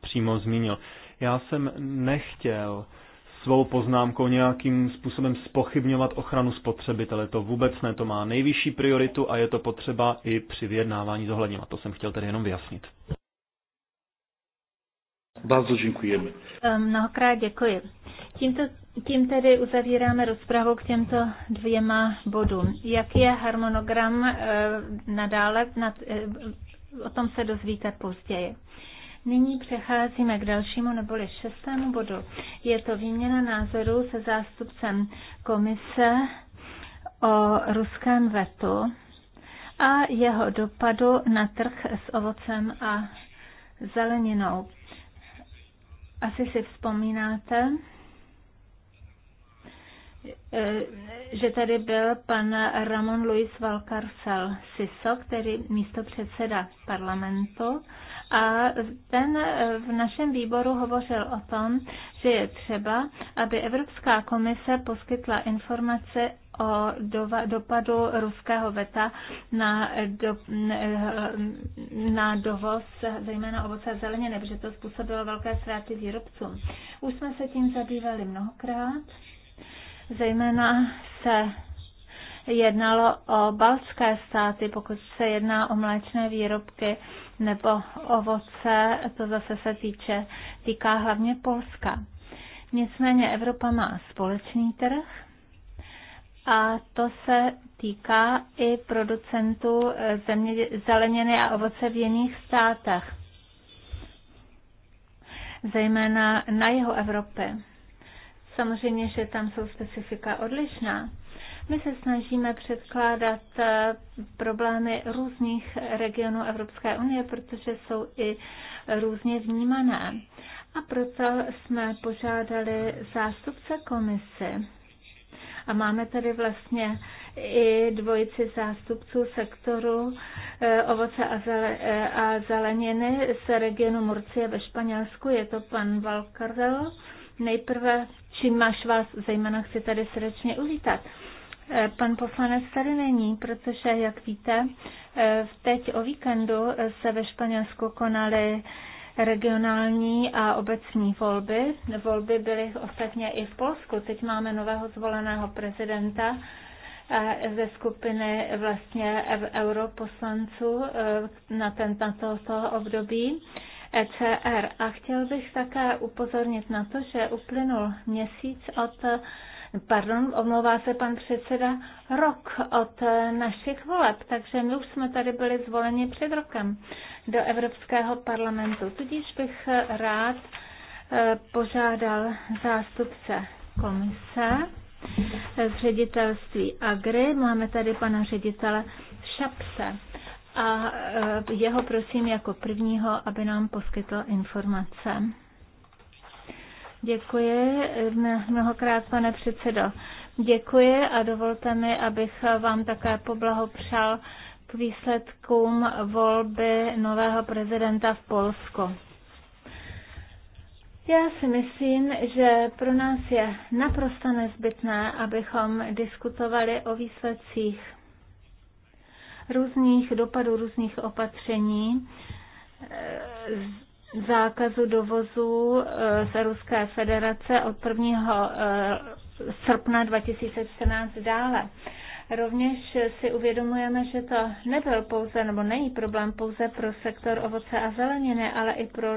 přímo zmínil. Já jsem nechtěl svou poznámkou nějakým způsobem spochybňovat ochranu spotřebitele. To vůbec ne, to má nejvyšší prioritu a je to potřeba i při vyjednávání A To jsem chtěl tedy jenom vyjasnit. Bardzo děkujeme. Mnohokrát děkuji. Tímto, tím tedy uzavíráme rozpravu k těmto dvěma bodům. Jak je harmonogram eh, nadále, nad, eh, o tom se dozvíte později. Nyní přecházíme k dalšímu neboli šestému bodu. Je to výměna názorů se zástupcem komise o ruském vetu a jeho dopadu na trh s ovocem a zeleninou. Asi si vzpomínáte, Eh, že tady byl pan Ramon Luis Valcarcel Siso, který místo předseda parlamentu. A ten eh, v našem výboru hovořil o tom, že je třeba, aby Evropská komise poskytla informace o dova, dopadu ruského veta na, do, eh, na dovoz zejména ovoce a zeleniny, protože to způsobilo velké ztráty výrobcům. Už jsme se tím zabývali mnohokrát Zejména se jednalo o baltské státy, pokud se jedná o mléčné výrobky nebo ovoce, to zase se týče, týká hlavně Polska. Nicméně Evropa má společný trh a to se týká i producentů země, zeleniny a ovoce v jiných státech, zejména na jihu Evropy. Samozřejmě, že tam jsou specifika odlišná. My se snažíme předkládat eh, problémy různých regionů Evropské unie, protože jsou i různě vnímané. A proto jsme požádali zástupce komisy. A máme tady vlastně i dvojici zástupců sektoru eh, ovoce eh, a, zeleniny z regionu Murcie ve Španělsku. Je to pan Valcarel Nejprve, čím máš vás, zejména chci tady srdečně uvítat. Eh, pan poslanec tady není, protože, jak víte, eh, teď o víkendu se ve Španělsku konaly regionální a obecní volby. Volby byly ostatně i v Polsku. Teď máme nového zvoleného prezidenta eh, ze skupiny vlastně europoslanců na, ten, na toto období. ECR. A chtěl bych také upozornit na to, že uplynul měsíc od Pardon, omlouvá se pan předseda, rok od eh, našich voleb, takže my už jsme tady byli zvoleni před rokem do Evropského parlamentu. Tudíž bych eh, rád eh, požádal zástupce komise z ředitelství Agri. Máme tady pana ředitele Šapse a eh, jeho prosím jako prvního, aby nám poskytl informace. Děkuji eh, mnohokrát, pane předsedo. Děkuji a dovolte mi, abych eh, vám také poblahopřál k výsledkům volby nového prezidenta v Polsku. Já si myslím, že pro nás je naprosto nezbytné, abychom diskutovali o výsledcích různých dopadů různých opatření, eh, zákazu dovozu eh, z Ruské federace od 1. Eh, srpna 2014 dále. Rovněž si uvědomujeme, že to nebyl pouze, nebo není problém pouze pro sektor ovoce a zeleniny, ale i pro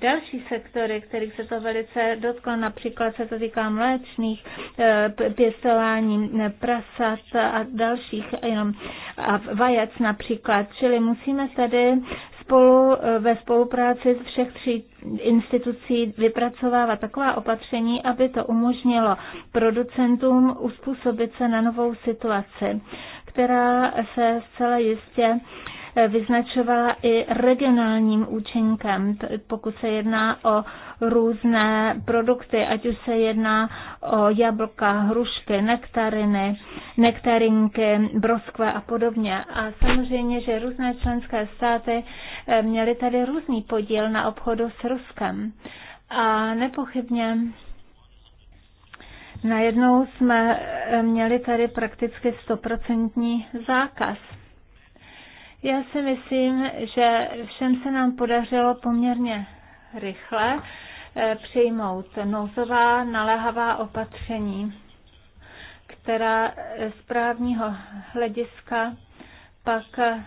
další sektory, kterých se to velice dotklo, například se to týká mléčných, eh, pěstování prasat a dalších jenom a vajec například. Čili musíme tady spolu, eh, ve spolupráci s všech tří institucí vypracovávat taková opatření, aby to umožnilo producentům uspůsobit se na novou situaci, která se zcela jistě vyznačovala i regionálním účinkem, pokud se jedná o různé produkty, ať už se jedná o jablka, hrušky, nektariny, nektarinky, broskve a podobně. A samozřejmě, že různé členské státy eh, měly tady různý podíl na obchodu s Ruskem. A nepochybně Najednou jsme eh, měli tady prakticky stoprocentní zákaz. Já si myslím, že všem se nám podařilo poměrně rychle eh, přijmout nouzová naléhavá opatření, která eh, z právního hlediska pak eh,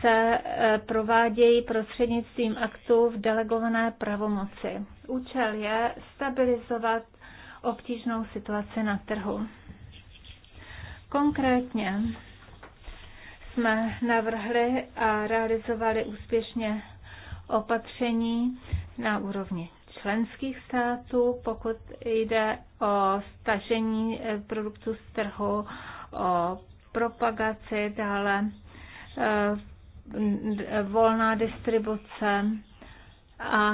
se provádějí prostřednictvím aktů v delegované pravomoci. Účel je stabilizovat obtížnou situaci na trhu. Konkrétně jsme navrhli a realizovali úspěšně opatření na úrovni členských států, pokud jde o stažení eh, produktů z trhu, o propagaci, dále eh, volná distribuce a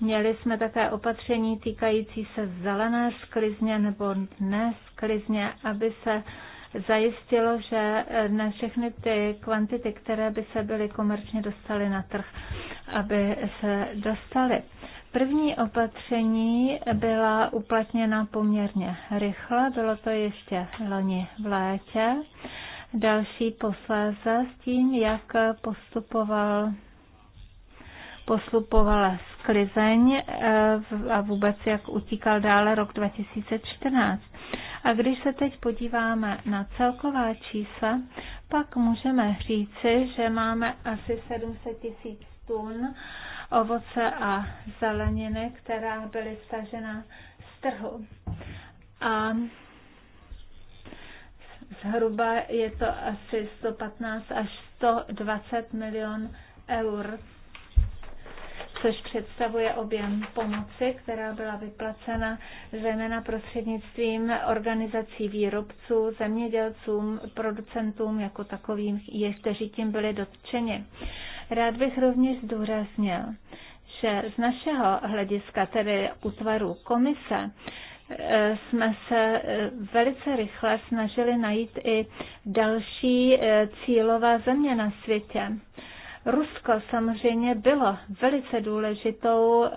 měli jsme také opatření týkající se zelené sklizně nebo dnes sklizně, aby se zajistilo, že eh, ne všechny ty kvantity, které by se byly komerčně dostaly na trh, aby se dostaly. První opatření byla uplatněna poměrně rychle, bylo to ještě loni v létě. Další posléze s tím, jak postupoval postupovala sklizeň eh, a vůbec jak utíkal dále rok 2014. A když se teď podíváme na celková čísla, pak můžeme říci, že máme asi 700 tisíc tun ovoce a zeleniny, která byly stažena z trhu. A zhruba je to asi 115 až 120 milion eur což představuje objem pomoci, která byla vyplacena zejména prostřednictvím organizací výrobců, zemědělcům, producentům jako takovým, kteří tím byli dotčeni. Rád bych rovněž zdůraznil, že z našeho hlediska, tedy útvaru komise, eh, jsme se eh, velice rychle snažili najít i další eh, cílová země na světě. Rusko samozřejmě bylo velice důležitou eh,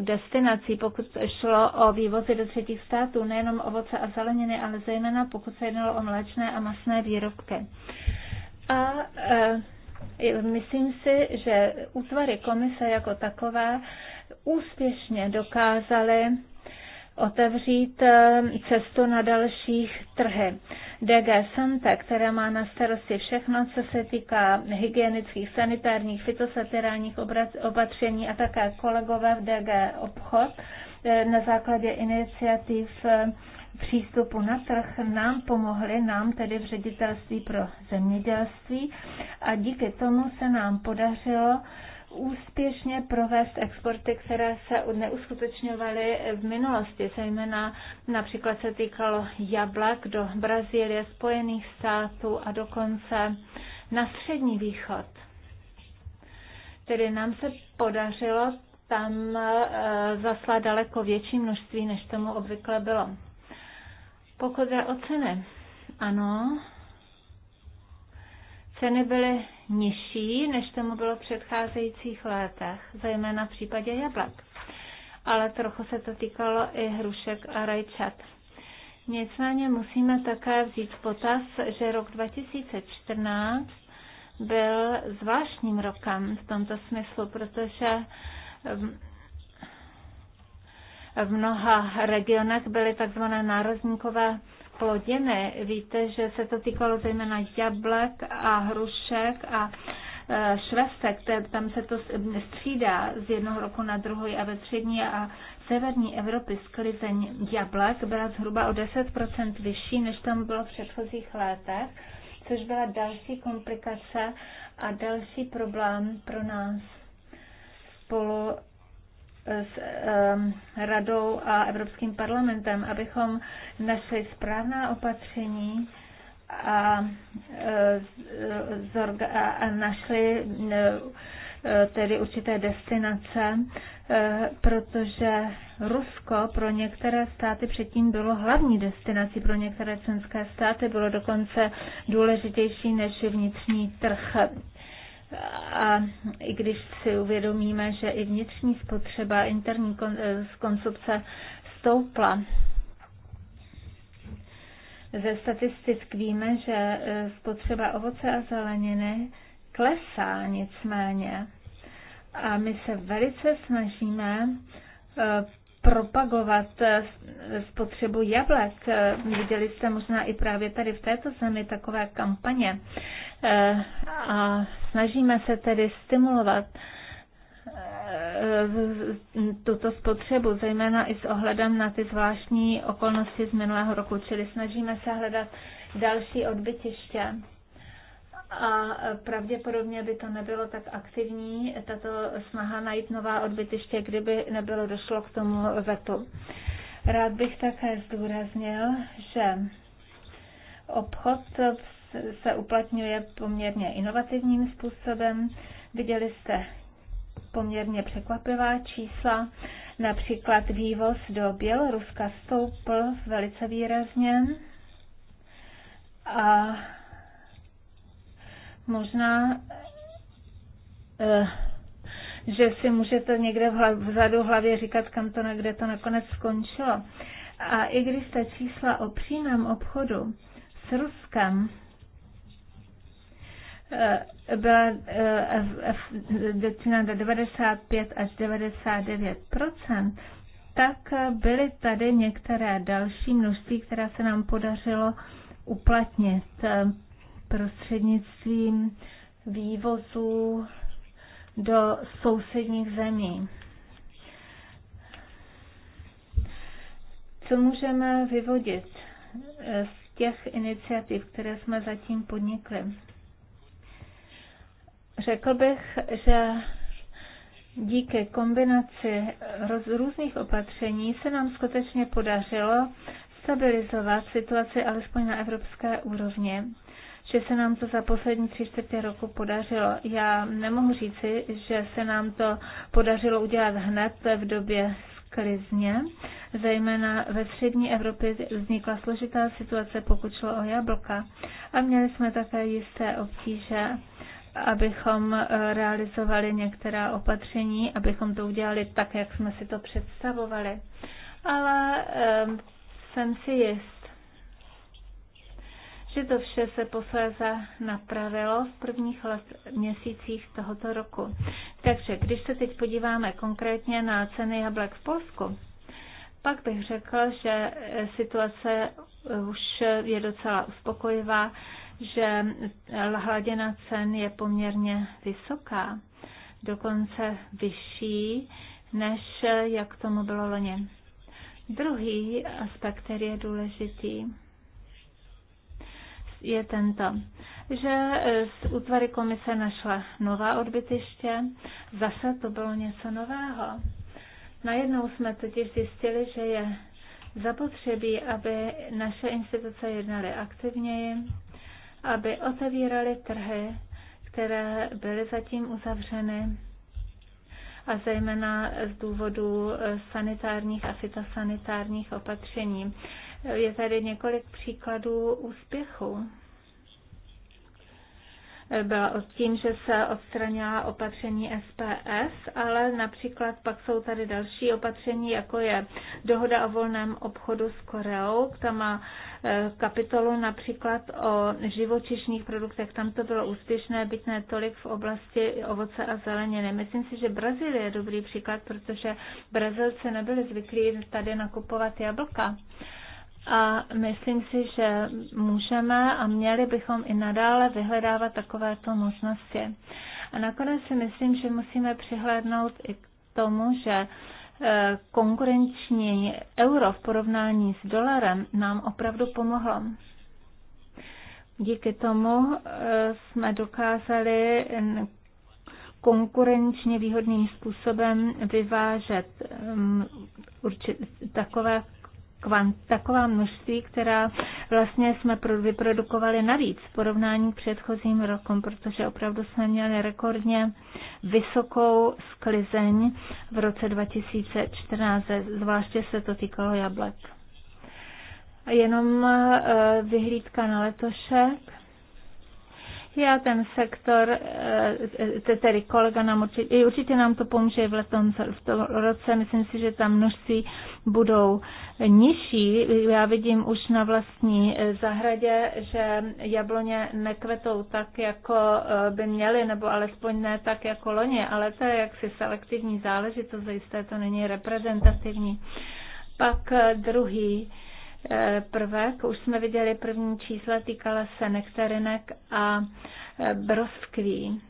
destinací, pokud šlo o vývozy do třetích států, nejenom ovoce a zeleniny, ale zejména pokud se jednalo o mléčné a masné výrobky. A eh, myslím si, že útvary komise jako taková úspěšně dokázaly otevřít eh, cestu na dalších trhy. DG Sante, která má na starosti všechno, co se týká hygienických, sanitárních, fitosatirálních opatření a také kolegové v DG Obchod, eh, na základě iniciativ eh, přístupu na trh nám pomohly, nám tedy v ředitelství pro zemědělství a díky tomu se nám podařilo úspěšně provést exporty, které se neuskutečňovaly v minulosti, zejména například se týkalo jablek do Brazílie, Spojených států a dokonce na Střední východ. Tedy nám se podařilo tam eh, zaslat daleko větší množství, než tomu obvykle bylo. Pokud je o ceny, ano, Ceny byly nižší, než tomu bylo v předcházejících letech, zejména v případě jablek. Ale trochu se to týkalo i hrušek a rajčat. Nicméně musíme také vzít v potaz, že rok 2014 byl zvláštním rokem v tomto smyslu, protože ehm, v mnoha regionech byly takzvané nárazníkové plodiny. Víte, že se to týkalo zejména jablek a hrušek a e, švestek, tam se to střídá z jednoho roku na druhý a ve střední a severní Evropy sklizeň jablek byla zhruba o 10% vyšší, než tam bylo v předchozích letech, což byla další komplikace a další problém pro nás spolu s Radou a Evropským parlamentem, abychom našli správná opatření a, e, a našli e, e, tedy určité destinace, protože Rusko pro některé státy předtím bylo hlavní destinací, pro některé členské státy bylo dokonce důležitější než vnitřní trh a i když si uvědomíme, že i vnitřní spotřeba, interní konsumce eh, stoupla, ze statistik víme, že eh, spotřeba ovoce a zeleniny klesá nicméně. A my se velice snažíme eh, propagovat eh, spotřebu jablek. Eh, viděli jste možná i právě tady v této zemi takové kampaně. Eh, a snažíme se tedy stimulovat tuto spotřebu, zejména i s ohledem na ty zvláštní okolnosti z minulého roku, čili snažíme se hledat další odbytiště a pravděpodobně by to nebylo tak aktivní, tato snaha najít nová odbytiště, kdyby nebylo došlo k tomu vetu. Rád bych také zdůraznil, že obchod se uplatňuje poměrně inovativním způsobem. Viděli jste poměrně překvapivá čísla. Například vývoz do Běloruska stoupl velice výrazně a Možná eh, že si můžete někde vzadu v hlavě říkat, kam to, kde to nakonec skončilo. A i když ta čísla o přímém obchodu s Ruskem eh, byla většina eh, 95 až 99 tak byly tady některé další množství, která se nám podařilo uplatnit prostřednictvím vývozů do sousedních zemí. Co můžeme vyvodit eh, z těch iniciativ, které jsme zatím podnikli? Řekl bych, že díky kombinaci různých opatření se nám skutečně podařilo stabilizovat situaci alespoň na evropské úrovni že se nám to za poslední tři čtvrtě roku podařilo. Já nemohu říci, že se nám to podařilo udělat hned v době krizně. Zejména ve střední Evropě vznikla složitá situace, pokud šlo o jablka. A měli jsme také jisté obtíže, abychom eh, realizovali některá opatření, abychom to udělali tak, jak jsme si to představovali. Ale eh, jsem si jist, že to vše se posléze napravilo v prvních let, měsících tohoto roku. Takže když se teď podíváme konkrétně na ceny jablek v Polsku, pak bych řekl, že eh, situace eh, už je docela uspokojivá, že eh, hladina cen je poměrně vysoká, dokonce vyšší, než jak tomu bylo loni. Druhý aspekt, který je důležitý, je tento, že eh, z útvary komise našla nová odbytiště, zase to bylo něco nového. Najednou jsme totiž zjistili, že je zapotřebí, aby naše instituce jednaly aktivněji, aby otevíraly trhy, které byly zatím uzavřeny a zejména z důvodu eh, sanitárních a fitosanitárních opatření. Je tady několik příkladů úspěchu byla od tím, že se odstranila opatření SPS, ale například pak jsou tady další opatření, jako je dohoda o volném obchodu s Koreou, tam má e, kapitolu například o živočišných produktech. Tam to bylo úspěšné, byť ne tolik v oblasti ovoce a zeleniny. Myslím si, že Brazílie je dobrý příklad, protože Brazilci nebyli zvyklí tady nakupovat jablka. A myslím si, že můžeme a měli bychom i nadále vyhledávat takovéto možnosti. A nakonec si myslím, že musíme přihlédnout i k tomu, že e, konkurenční euro v porovnání s dolarem nám opravdu pomohlo. Díky tomu e, jsme dokázali konkurenčně výhodným způsobem vyvážet takové kvant, taková množství, která vlastně jsme vyprodukovali navíc v porovnání k předchozím rokem, protože opravdu jsme měli rekordně vysokou sklizeň v roce 2014, zvláště se to týkalo jablek. Jenom eh, vyhlídka na letošek já ten sektor, eh, tedy kolega nám určitě, určitě nám to pomůže v letom v tom roce, myslím si, že tam množství budou nižší. Já vidím už na vlastní eh, zahradě, že jabloně nekvetou tak, jako eh, by měly, nebo alespoň ne tak, jako loně, ale to je jaksi selektivní záležitost, zajisté to není reprezentativní. Pak druhý Eh, prvek. Už jsme viděli první čísla, týkala se nektarinek a eh, broskví.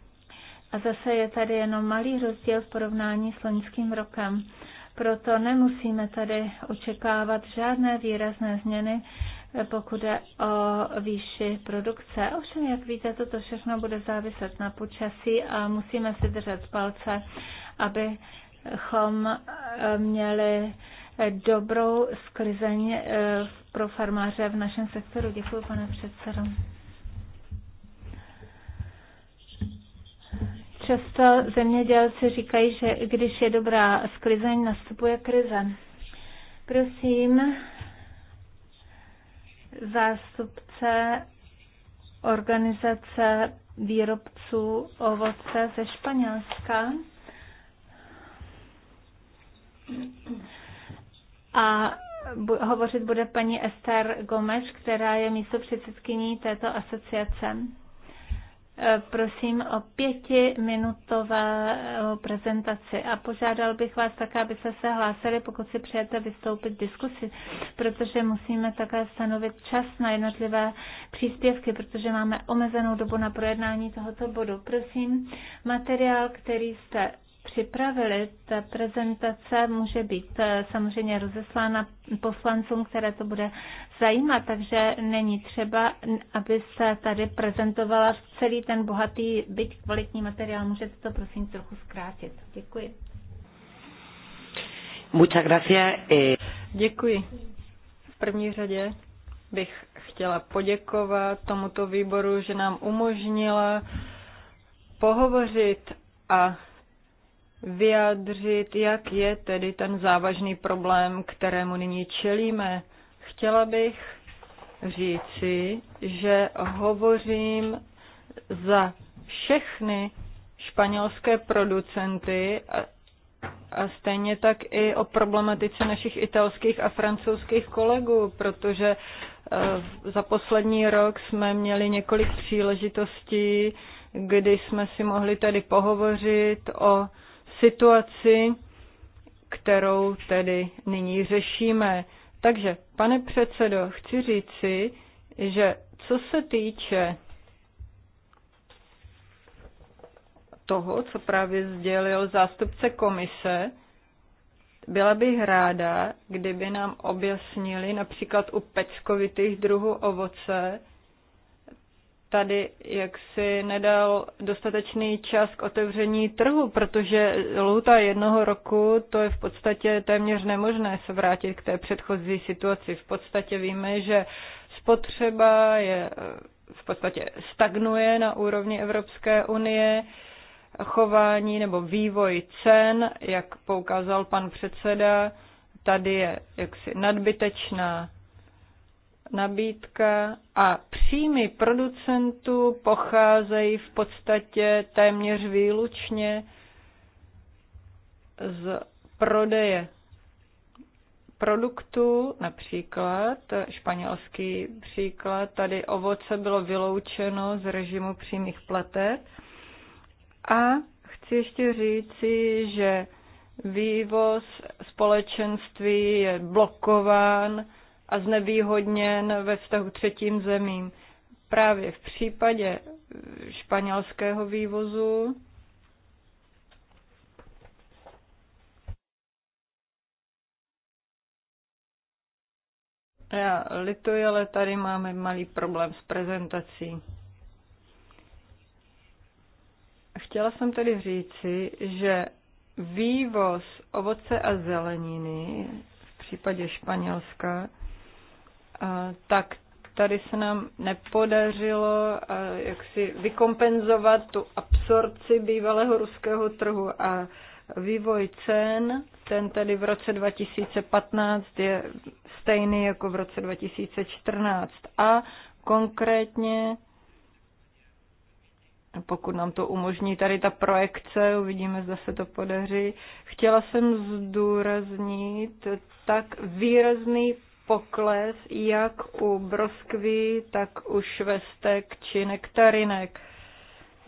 A zase je tady jenom malý rozdíl v porovnání s loňským rokem. Proto nemusíme tady očekávat žádné výrazné změny, eh, pokud jde o výši produkce. Ovšem, jak víte, toto všechno bude záviset na počasí a musíme si držet palce, abychom měli dobrou sklizeň eh, pro farmáře v našem sektoru. Děkuji, pane předsedo. Často zemědělci říkají, že když je dobrá sklizeň, nastupuje krize. Prosím zástupce organizace výrobců ovoce ze Španělska. A hovořit bude paní Esther Gomeš, která je místo předsedkyní této asociace. E, prosím o pětiminutové prezentaci a požádal bych vás také, abyste se hlásili, pokud si přejete vystoupit v diskusi, protože musíme také stanovit čas na jednotlivé příspěvky, protože máme omezenou dobu na projednání tohoto bodu. Prosím, materiál, který jste připravili. Ta prezentace může být eh, samozřejmě rozeslána poslancům, které to bude zajímat, takže není třeba, aby se tady prezentovala celý ten bohatý, byť kvalitní materiál. Můžete to prosím trochu zkrátit. Děkuji. Muchas gracias. Eh. Děkuji. V první řadě bych chtěla poděkovat tomuto výboru, že nám umožnila pohovořit a vyjádřit, jak je tedy ten závažný problém, kterému nyní čelíme. Chtěla bych říci, že hovořím za všechny španělské producenty a stejně tak i o problematice našich italských a francouzských kolegů, protože eh, za poslední rok jsme měli několik příležitostí, kdy jsme si mohli tady pohovořit o situaci, kterou tedy nyní řešíme. Takže, pane předsedo, chci říci, že co se týče toho, co právě sdělil zástupce komise, byla bych ráda, kdyby nám objasnili například u peckovitých druhů ovoce, tady jaksi nedal dostatečný čas k otevření trhu, protože lhůta jednoho roku, to je v podstatě téměř nemožné se vrátit k té předchozí situaci. V podstatě víme, že spotřeba je v podstatě stagnuje na úrovni Evropské unie, chování nebo vývoj cen, jak poukázal pan předseda, tady je jaksi nadbytečná nabídka a příjmy producentů pocházejí v podstatě téměř výlučně z prodeje produktů, například španělský příklad, tady ovoce bylo vyloučeno z režimu přímých plateb. A chci ještě říci, že vývoz společenství je blokován a znevýhodněn ve vztahu třetím zemím. Právě v případě španělského vývozu Já lituji, ale tady máme malý problém s prezentací. Chtěla jsem tedy říci, že vývoz ovoce a zeleniny v případě Španělska tak tady se nám nepodařilo jak si vykompenzovat tu absorci bývalého ruského trhu a vývoj cen, ten tedy v roce 2015 je stejný jako v roce 2014 a konkrétně pokud nám to umožní tady ta projekce, uvidíme, zda se to podaří. Chtěla jsem zdůraznit tak výrazný pokles jak u broskví, tak u švestek či nektarinek.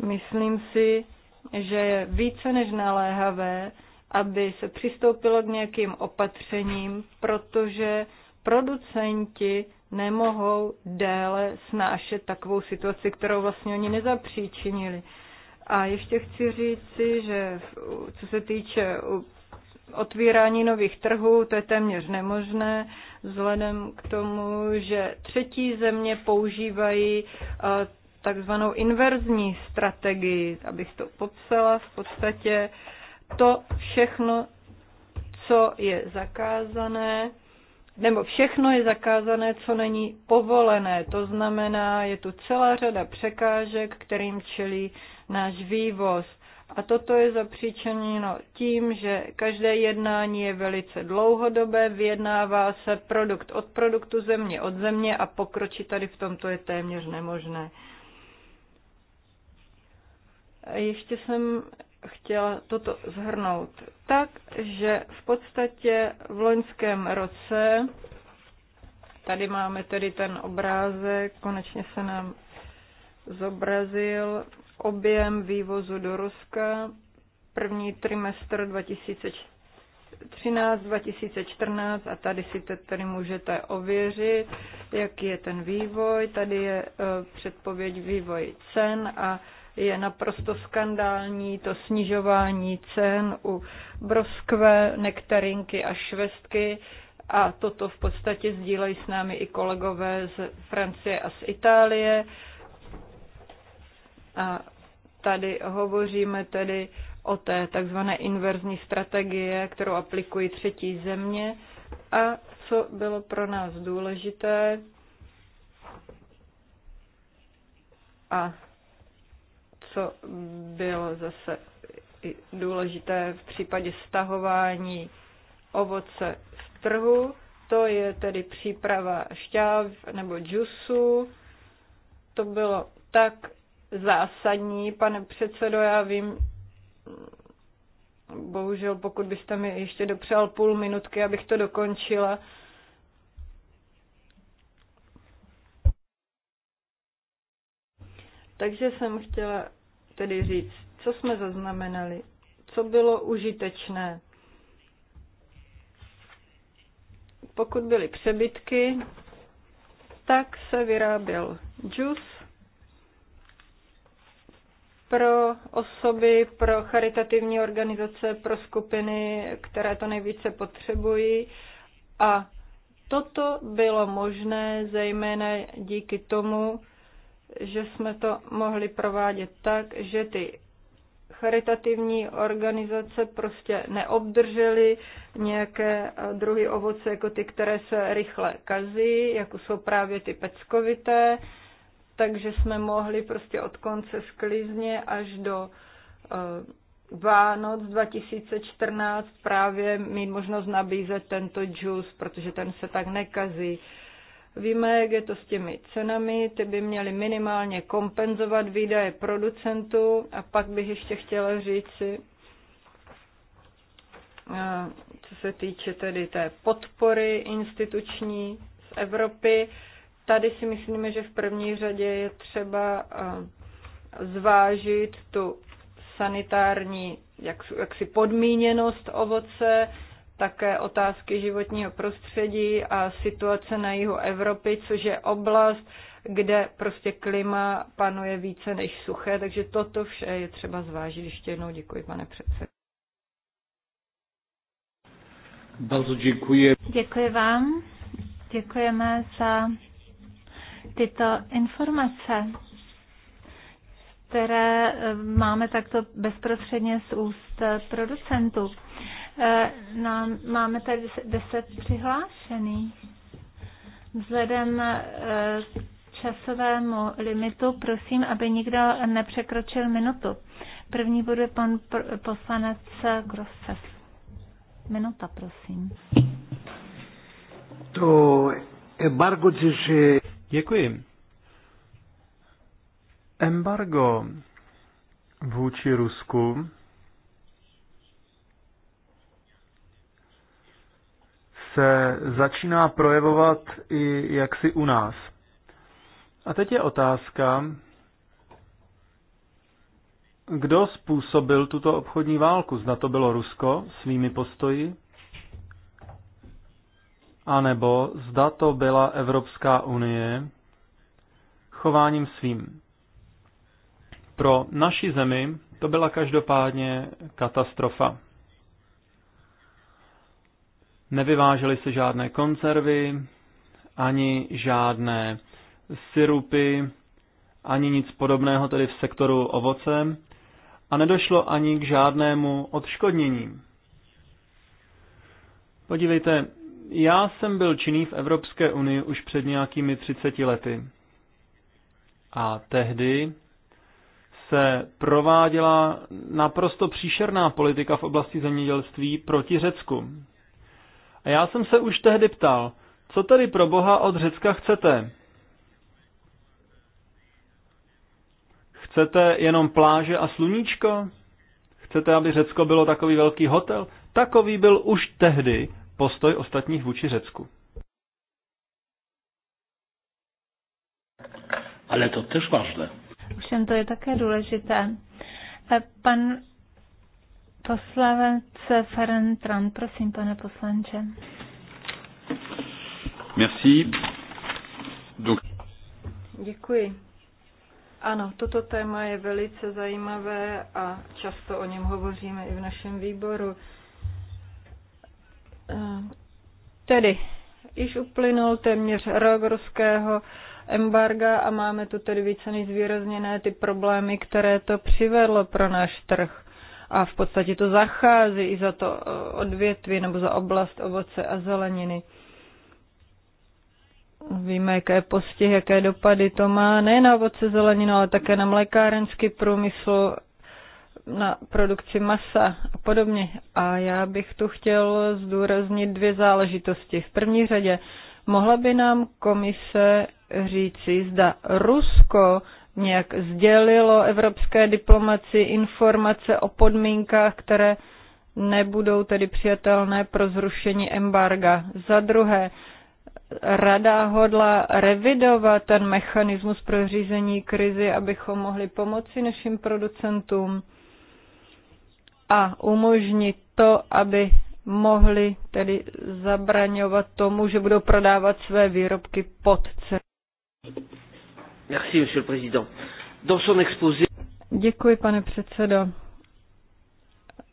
Myslím si, že je více než naléhavé, aby se přistoupilo k nějakým opatřením, protože producenti nemohou déle snášet takovou situaci, kterou vlastně oni nezapříčinili. A ještě chci říci, že co se týče otvírání nových trhů, to je téměř nemožné vzhledem k tomu, že třetí země používají takzvanou inverzní strategii, abych to popsala v podstatě to všechno, co je zakázané, nebo všechno je zakázané, co není povolené. To znamená, je tu celá řada překážek, kterým čelí náš vývoz. A toto je zapříčeněno tím, že každé jednání je velice dlouhodobé, vyjednává se produkt od produktu, země od země a pokročit tady v tomto je téměř nemožné. Ještě jsem chtěla toto zhrnout tak, že v podstatě v loňském roce, tady máme tedy ten obrázek, konečně se nám zobrazil, Objem vývozu do Ruska první trimestr 2013, 2014 a tady si tady můžete ověřit, jaký je ten vývoj. Tady je e, předpověď vývoj cen a je naprosto skandální to snižování cen u broskve, nektarinky a švestky a toto v podstatě sdílejí s námi i kolegové z Francie a z Itálie. A tady hovoříme tedy o té takzvané inverzní strategie, kterou aplikují třetí země. A co bylo pro nás důležité, a co bylo zase důležité v případě stahování ovoce z trhu, to je tedy příprava šťáv nebo džusu. To bylo tak, zásadní, pane předsedo, já vím, bohužel pokud byste mi ještě dopřál půl minutky, abych to dokončila. Takže jsem chtěla tedy říct, co jsme zaznamenali, co bylo užitečné. Pokud byly přebytky, tak se vyráběl džus, pro osoby, pro charitativní organizace, pro skupiny, které to nejvíce potřebují. A toto bylo možné zejména díky tomu, že jsme to mohli provádět tak, že ty charitativní organizace prostě neobdržely nějaké druhy ovoce, jako ty, které se rychle kazí, jako jsou právě ty peckovité, takže jsme mohli prostě od konce sklizně až do eh, Vánoc 2014 právě mít možnost nabízet tento džus, protože ten se tak nekazí. Víme, jak je to s těmi cenami, ty by měly minimálně kompenzovat výdaje producentů a pak bych ještě chtěla si, eh, co se týče tedy té podpory instituční z Evropy, Tady si myslíme, že v první řadě je třeba eh, zvážit tu sanitární jak, jaksi podmíněnost ovoce, také otázky životního prostředí a situace na jihu Evropy, což je oblast, kde prostě klima panuje více než suché, takže toto vše je třeba zvážit. Ještě jednou děkuji, pane předsedo. Bardzo děkuji. Dziękuję Wam. Dziękujemy za tyto informace, které eh, máme takto bezprostředně z úst eh, producentů. Eh, máme tady deset přihlášených. Vzhledem k časovému limitu prosím, aby nikdo nepřekročil minutu. První bude pan poslanec Grosses. Minuta, prosím. To embargo, že Děkuji. Embargo vůči Rusku se začíná projevovat i jaksi u nás. A teď je otázka, kdo způsobil tuto obchodní válku? Zda to bylo Rusko svými postoji? anebo zda to byla Evropská unie chováním svým. Pro naši zemi to byla každopádně katastrofa. Nevyvážely se žádné konzervy, ani žádné syrupy, ani nic podobného tedy v sektoru ovoce a nedošlo ani k žádnému odškodnění. Podívejte, já jsem byl činný v Evropské unii už před nějakými 30 lety. A tehdy se prováděla naprosto příšerná politika v oblasti zemědělství proti Řecku. A já jsem se už tehdy ptal, co tedy pro Boha od Řecka chcete? Chcete jenom pláže a sluníčko? Chcete, aby Řecko bylo takový velký hotel? Takový byl už tehdy postoj ostatních vůči Řecku. Ale to tež vážné. Všem to je také důležité. Pan poslanec Ferenc Tran, prosím, pane poslanče. Merci. Donc... Děkuji. Ano, toto téma je velice zajímavé a často o něm hovoříme i v našem výboru. Eh, tedy, již uplynul téměř rok ruského embarga a máme tu tedy více než zvýrazněné ty problémy, které to přivedlo pro náš trh. A v podstatě to zachází i za to eh, odvětví nebo za oblast ovoce a zeleniny. Víme, jaké postih, jaké dopady to má nejen na ovoce zeleninu, ale také na mlékárenský průmysl na produkci masa a podobně. A já bych tu chtěl zdůraznit dvě záležitosti. V první řadě, mohla by nám komise říci, zda Rusko nějak sdělilo evropské diplomaci informace o podmínkách, které nebudou tedy přijatelné pro zrušení embarga. Za druhé, Rada hodla revidovat ten mechanismus pro řízení krizi, abychom mohli pomoci našim producentům a umožnit to, aby mohli tedy zabraňovat tomu, že budou prodávat své výrobky pod cenu. Merci, monsieur le président. Dans son exposé... Děkuji, pane předsedo.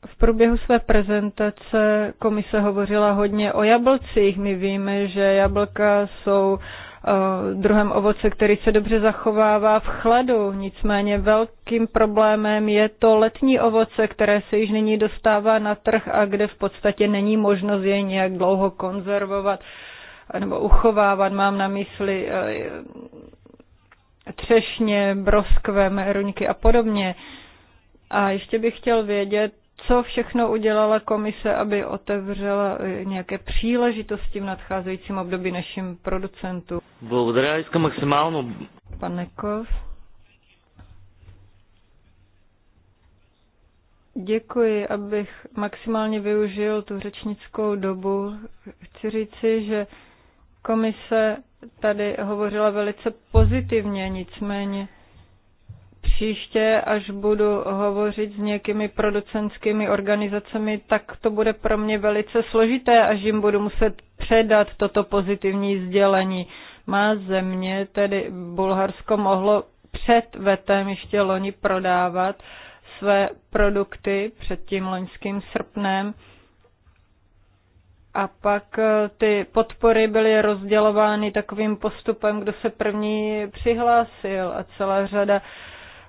V průběhu své prezentace komise hovořila hodně o jablcích. My víme, že jablka jsou uh, Eh, druhem ovoce, který se dobře zachovává v chladu. Nicméně velkým problémem je to letní ovoce, které se již nyní dostává na trh a kde v podstatě není možnost je nějak dlouho konzervovat nebo uchovávat. Mám na mysli eh, třešně, broskve, meruňky a podobně. A ještě bych chtěl vědět, co všechno udělala komise, aby otevřela eh, nějaké příležitosti v nadcházejícím období našim producentům? Благодаря, искам Pane Kov. Děkuji, abych maximálně využil tu řečnickou dobu. Chci říci, že komise tady hovořila velice pozitivně, nicméně příště, až budu hovořit s nějakými producentskými organizacemi, tak to bude pro mě velice složité, až jim budu muset předat toto pozitivní sdělení. Má země, tedy Bulharsko, mohlo před vetem ještě loni prodávat své produkty před tím loňským srpnem. A pak eh, ty podpory byly rozdělovány takovým postupem, kdo se první přihlásil a celá řada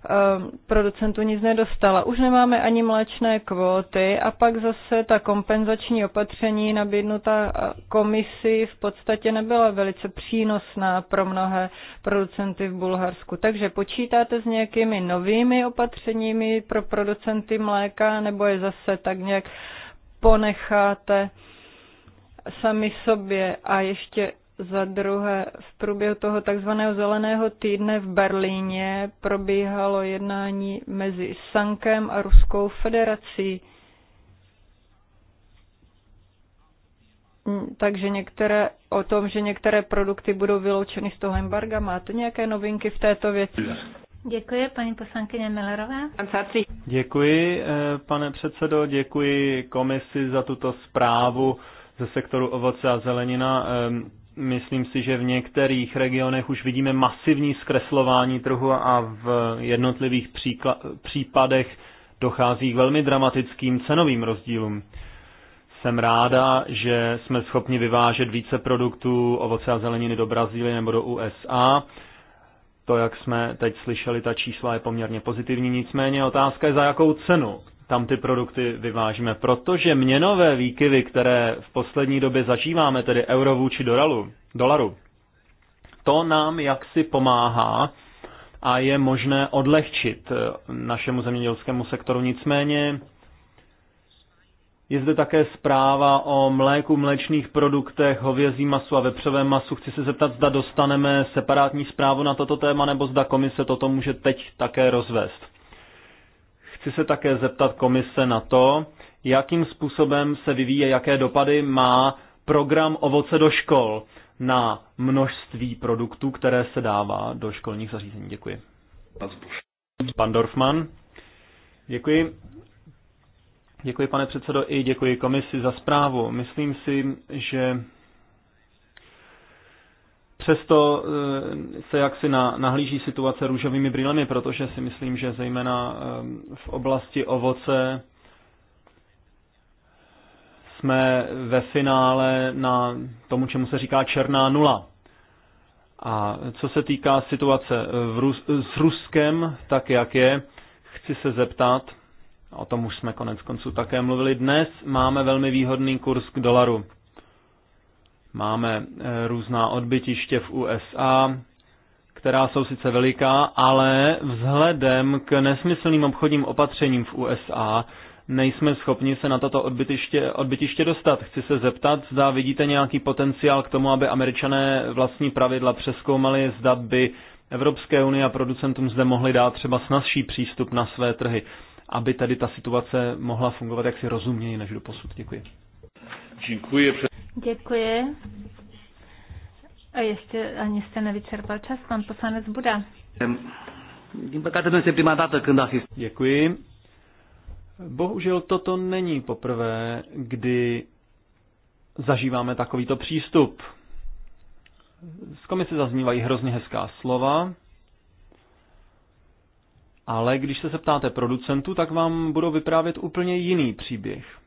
Ehm, producentů nic nedostala. Už nemáme ani mléčné kvóty a pak zase ta kompenzační opatření nabídnutá komisi v podstatě nebyla velice přínosná pro mnohé producenty v Bulharsku. Takže počítáte s nějakými novými opatřeními pro producenty mléka nebo je zase tak nějak ponecháte sami sobě a ještě za druhé, v průběhu toho takzvaného zeleného týdne v Berlíně probíhalo jednání mezi Sankem a Ruskou federací. Mm, takže některé, o tom, že některé produkty budou vyloučeny z toho embarga. Máte nějaké novinky v této věci? Děkuji, paní poslankyně Millerová. Děkuji, eh, pane předsedo, děkuji komisi za tuto zprávu ze sektoru ovoce a zelenina. Myslím si, že v některých regionech už vidíme masivní zkreslování trhu a v jednotlivých případech dochází k velmi dramatickým cenovým rozdílům. Jsem ráda, že jsme schopni vyvážet více produktů ovoce a zeleniny do Brazílie nebo do USA. To, jak jsme teď slyšeli, ta čísla je poměrně pozitivní, nicméně otázka je, za jakou cenu tam ty produkty vyvážíme, protože měnové výkyvy, které v poslední době zažíváme, tedy euro vůči dolaru, dolaru to nám jaksi pomáhá a je možné odlehčit eh, našemu zemědělskému sektoru. Nicméně je zde také zpráva o mléku, mléčných produktech, hovězí masu a vepřovém masu. Chci se zeptat, zda dostaneme separátní zprávu na toto téma, nebo zda komise toto může teď také rozvést. Chci se také zeptat komise na to, jakým způsobem se vyvíje, jaké dopady má program Ovoce do škol na množství produktů, které se dává do školních zařízení. Děkuji. Pan Dorfman. Děkuji. Děkuji, pane předsedo, i děkuji komisi za zprávu. Myslím si, že Přesto eh, se jaksi nahlíží situace růžovými brýlemi, protože si myslím, že zejména eh, v oblasti ovoce jsme ve finále na tomu, čemu se říká černá nula. A co se týká situace v Rus- s Ruskem, tak jak je, chci se zeptat, o tom už jsme konec konců také mluvili, dnes máme velmi výhodný kurz k dolaru. Máme eh, různá odbytiště v USA, která jsou sice veliká, ale vzhledem k nesmyslným obchodním opatřením v USA nejsme schopni se na toto odbytiště, odbytiště dostat. Chci se zeptat, zda vidíte nějaký potenciál k tomu, aby američané vlastní pravidla přeskoumali, zda by Evropské unie a producentům zde mohli dát třeba snazší přístup na své trhy, aby tady ta situace mohla fungovat jaksi rozumněji než do posud. Děkuji. Dziękuję. Dziękuję. A ještě ani jste wyczerpał čas, pan poslanec Buda. Din păcate nu este prima data, când asist. Děkuji. Bohužel toto není poprvé, kdy zažíváme takovýto přístup. Z komise zaznívají hrozně hezká slova, ale když se zeptáte producentů, tak vám budou vyprávět úplně jiný příběh.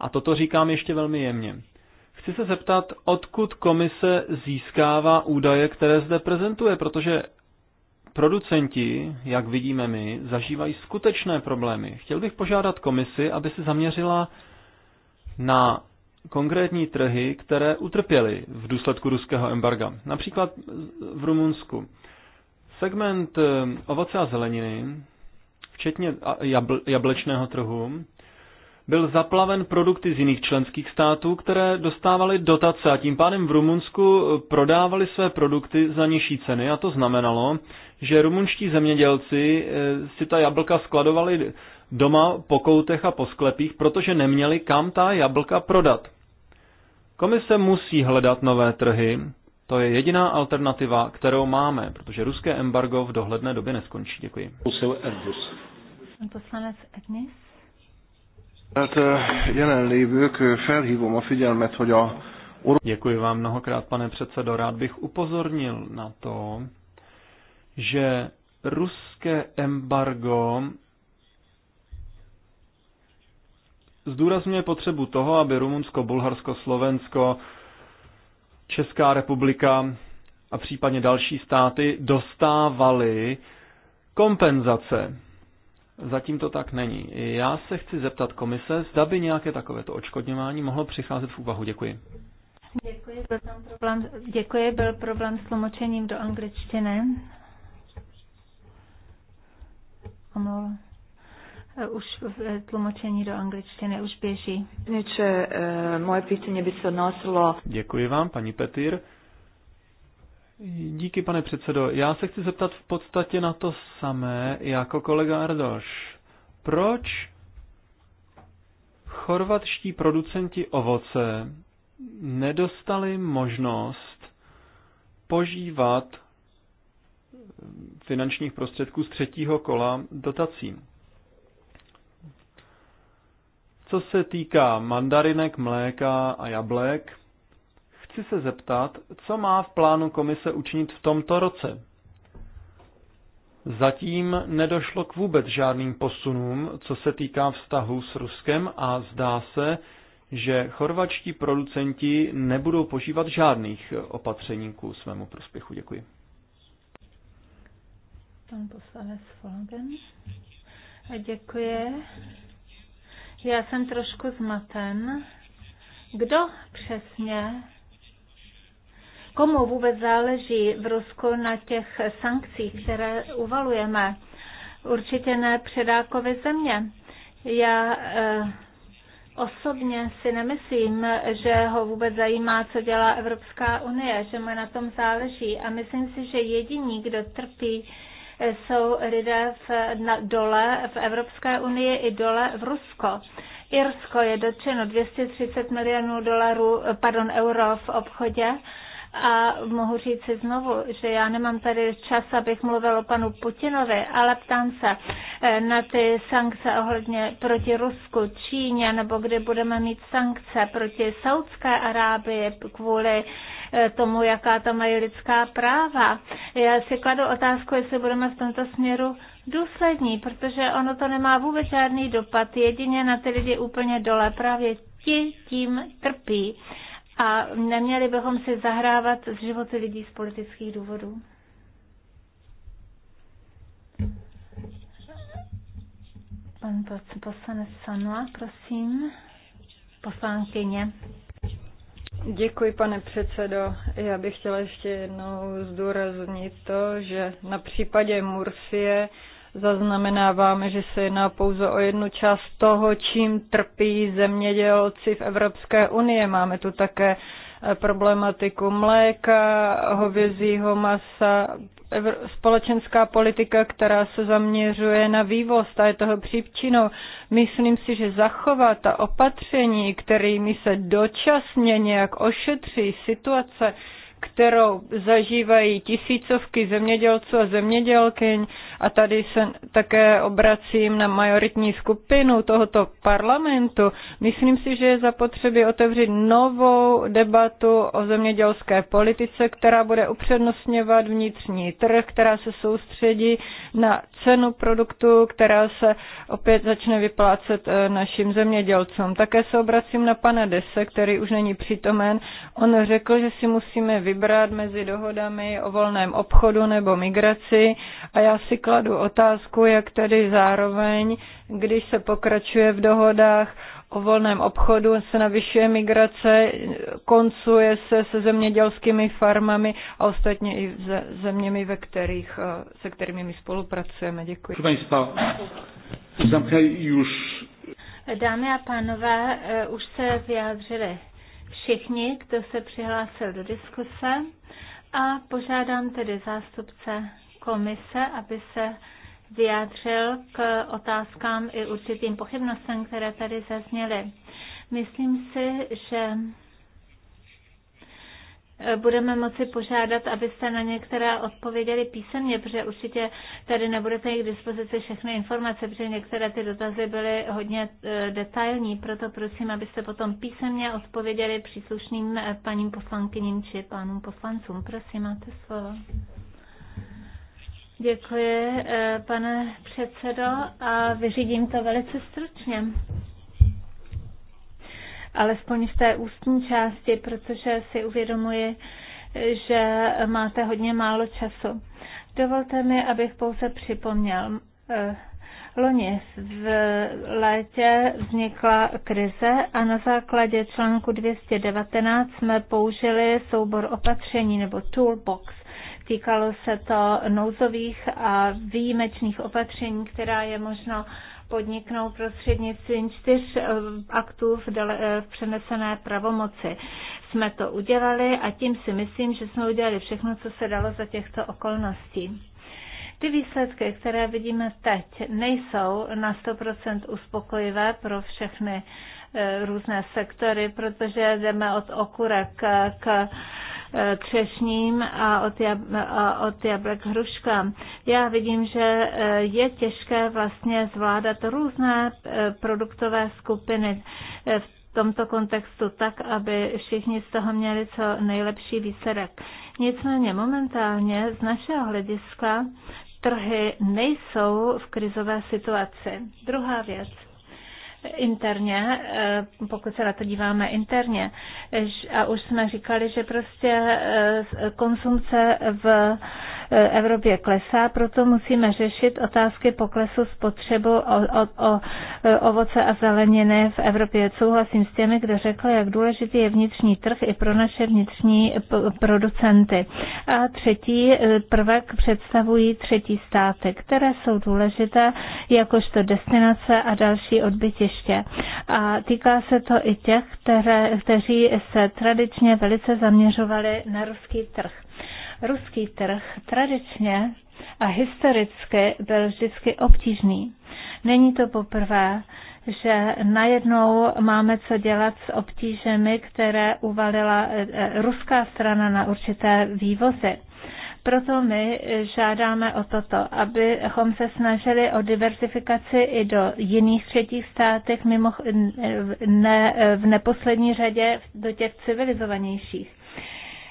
A toto říkám ještě velmi jemně. Chci se zeptat, odkud komise získává údaje, které zde prezentuje, protože producenti, jak vidíme my, zažívají skutečné problémy. Chtěl bych požádat komisi, aby se zaměřila na konkrétní trhy, které utrpěly v důsledku ruského embarga. Například v Rumunsku. Segment eh, ovoce a zeleniny, včetně jablečného trhu, byl zaplaven produkty z jiných členských států, které dostávaly dotace a tím pádem v Rumunsku prodávali své produkty za nižší ceny a to znamenalo, že rumunští zemědělci eh, si ta jablka skladovali doma po koutech a po sklepích, protože neměli kam ta jablka prodat. Komise musí hledat nové trhy, to je jediná alternativa, kterou máme, protože ruské embargo v dohledné době neskončí. Děkuji. Poslanec Ednis. Děkuji vám mnohokrát, pane předsedo. Rád bych upozornil na to, že ruské embargo zdůrazňuje potřebu toho, aby Rumunsko, Bulharsko, Slovensko, Česká republika a případně další státy dostávaly kompenzace Zatím to tak není. Já se chci zeptat komise, zda by nějaké takovéto očkodňování mohlo přicházet v úvahu. Děkuji. Děkuji, byl tam problém, děkuji, byl problém s tlumočením do angličtiny. Omlouvám. Eh, už eh, tlumočení do angličtiny už běží. Něče, eh, moje pitanje by se odnosilo... Děkuji vám, paní Petýr. Díky, pane předsedo. Já se chci zeptat v podstatě na to samé jako kolega Ardoš. Proč chorvatští producenti ovoce nedostali možnost požívat eh, finančních prostředků z třetího kola dotací? Co se týká mandarinek, mléka a jablek, Chci se zeptat, co má v plánu komise učinit v tomto roce? Zatím nedošlo k vůbec žádným posunům, co se týká vztahu s Ruskem a zdá se, že chorvačtí producenti nebudou požívat žádných opatření ku svému prospěchu. Děkuji. Pan poslanec Folgen. Děkuji. Já jsem trošku zmaten. Kdo přesně komu vůbec záleží v Rusku na těch sankcích, které uvalujeme. Určitě ne předákovi země. Já eh, Osobně si nemyslím, že ho vůbec zajímá, co dělá Evropská unie, že mu na tom záleží. A myslím si, že jediní, kdo trpí, eh, jsou lidé v, na, dole v Evropské unii i dole v Rusko. Irsko je dotčeno 230 milionů dolarů, eh, pardon, euro v obchodě a mohu říct si znovu, že já nemám tady čas, abych mluvil o panu Putinovi, ale ptám se eh, na ty sankce ohledně proti Rusku, Číně, nebo kde budeme mít sankce proti Saudské Arábii kvůli eh, tomu, jaká tam mají lidská práva. Já si kladu otázku, jestli budeme v tomto směru důslední, protože ono to nemá vůbec žádný dopad, jedině na ty lidi úplně dole, právě ti tím trpí. A neměli bychom si zahrávat z životy lidí z politických důvodů. Pan poslanec Sanua, prosím. Poslankyně. Děkuji, pane předsedo. Já bych chtěla ještě jednou zdůraznit to, že na případě Mursie Zaznamenáváme, že se jedná pouze o jednu část toho, čím trpí zemědělci v Evropské unii. Máme tu také eh, problematiku mléka, hovězího masa, společenská politika, která se zaměřuje na vývoz a je toho příčinou. Myslím si, že zachovat ta opatření, kterými se dočasně nějak ošetří situace, kterou zažívají tisícovky zemědělců a zemědělkyň. A tady se také obracím na majoritní skupinu tohoto parlamentu. Myslím si, že je zapotřebí otevřít novou debatu o zemědělské politice, která bude upřednostňovat vnitřní trh, která se soustředí na cenu produktu, která se opět začne vyplácet eh, našim zemědělcům. Také se obracím na pana Dese, který už není přítomen. On řekl, že si musíme vybrat mezi dohodami o volném obchodu nebo migraci a já si kladu otázku, jak tedy zároveň, když se pokračuje v dohodách o volném obchodu, se navyšuje migrace, koncuje se se zemědělskými farmami a ostatně i se zeměmi, ve kterých, eh, se kterými my spolupracujeme. Děkuji. Dámy a pánové, eh, už se vyjádřili všichni, kdo se přihlásil do diskuse a požádám tedy zástupce komise, aby se vyjádřil k otázkám i určitým pochybnostem, které tady zazněly. Myslím si, že budeme moci požádat, abyste na některé odpověděli písemně, protože určitě tady nebudete mít k dispozici všechny informace, protože některé ty dotazy byly hodně eh, detailní, proto prosím, abyste potom písemně odpověděli příslušným eh, paním poslankyním či pánům poslancům. Prosím, máte slovo. Děkuji, eh, pane předsedo, a vyřídím to velice stručně alespoň v té ústní části, protože si uvědomuji, že máte hodně málo času. Dovolte mi, abych pouze připomněl. Eh, loni v létě vznikla krize a na základě článku 219 jsme použili soubor opatření nebo toolbox. Týkalo se to nouzových a výjimečných opatření, která je možno podniknout prostřednictvím čtyř eh, aktů v, dele, eh, v přenesené pravomoci. Jsme to udělali a tím si myslím, že jsme udělali všechno, co se dalo za těchto okolností. Ty výsledky, které vidíme teď, nejsou na 100% uspokojivé pro všechny eh, různé sektory, protože jdeme od okurek k, k třešním a od, jab- a od jablek hruškám. Já vidím, že e, je těžké vlastně zvládat různé e, produktové skupiny e, v tomto kontextu tak, aby všichni z toho měli co nejlepší výsledek. Nicméně momentálně z našeho hlediska trhy nejsou v krizové situaci. Druhá věc interně, eh, pokud se na to díváme interně, eh, a už jsme říkali, že prostě eh, konsumce v E, Evropě klesá, proto musíme řešit otázky poklesu spotřebu o, o, o, e, ovoce a zeleniny v Evropě. Souhlasím s těmi, kdo řekl, jak důležitý je vnitřní trh i pro naše vnitřní producenty. A třetí e, prvek představují třetí státy, které jsou důležité jakožto destinace a další odbytiště. A týká se to i těch, které, kteří se tradičně velice zaměřovali na ruský trh. Ruský trh tradičně a historicky byl vždycky obtížný. Není to poprvé, že najednou máme co dělat s obtížemi, které uvalila eh, eh, ruská strana na určité vývozy. Proto my žádáme o toto, abychom se snažili o diversifikaci i do jiných třetích státech, mimo, eh, ne, v neposlední řadě do těch civilizovanějších.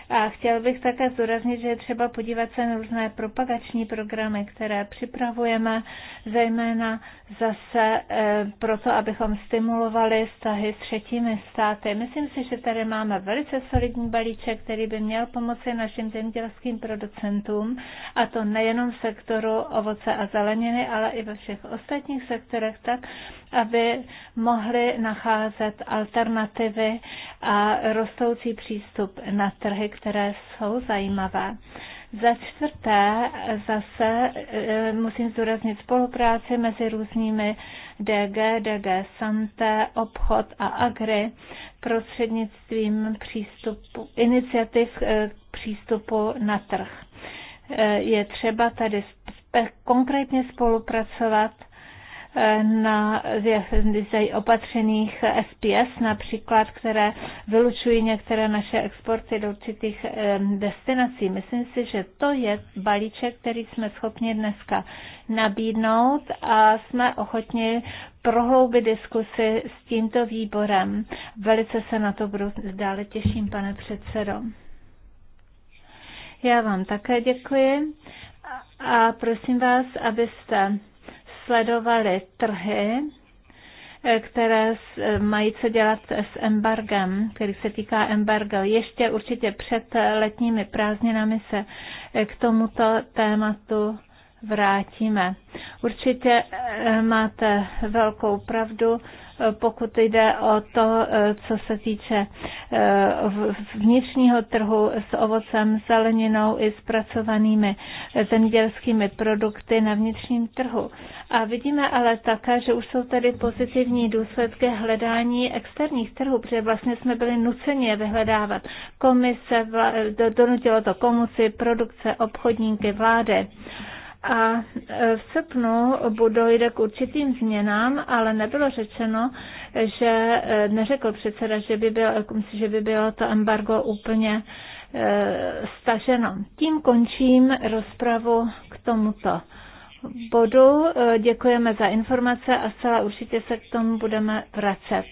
A chtěl bych také zdůraznit, že je třeba podívat se na různé propagační programy, které připravujeme, zejména zase e, proto, abychom stimulovali vztahy s třetími státy. Myslím si, že tady máme velice solidní balíček, který by měl pomoci našim zemědělským producentům, a to nejenom v sektoru ovoce a zeleniny, ale i ve všech ostatních sektorech, tak, aby mohli nacházet alternativy a rostoucí přístup na trhy, které jsou zajímavé. Za čtvrté zase e, musím zdůraznit spolupráci mezi různými DG, DG Santé, obchod a agri prostřednictvím přístupu, iniciativ k e, přístupu na trh. E, je třeba tady konkrétně spolupracovat na opatřených SPS například, které vylučují některé naše exporty do určitých destinací. Myslím si, že to je balíček, který jsme schopni dneska nabídnout a jsme ochotni prohloubit diskusy s tímto výborem. Velice se na to budu dále těším, pane předsedo. Já vám také děkuji a prosím vás, abyste sledovali trhy, které mají co dělat s embargem, který se týká embarga. Ještě určitě před letními prázdninami se k tomuto tématu vrátíme. Určitě eh, máte velkou pravdu pokud jde o to, e, co se týče e, vnitřního trhu s ovocem, zeleninou i zpracovanými zemědělskými produkty na vnitřním trhu. A vidíme ale také, že už jsou tady pozitivní důsledky hledání externích trhů, protože vlastně jsme byli nuceni je vyhledávat. Komise, donutilo to komuci, produkce, obchodníky, vlády. A e, v srpnu dojde k určitým změnám, ale nebylo řečeno, že e, neřekl předseda, že by bylo, e, že by bylo to embargo úplně staženo. Tím končím rozpravu k tomuto bodu. Děkujeme za informace a zcela určitě se k tomu budeme vracet.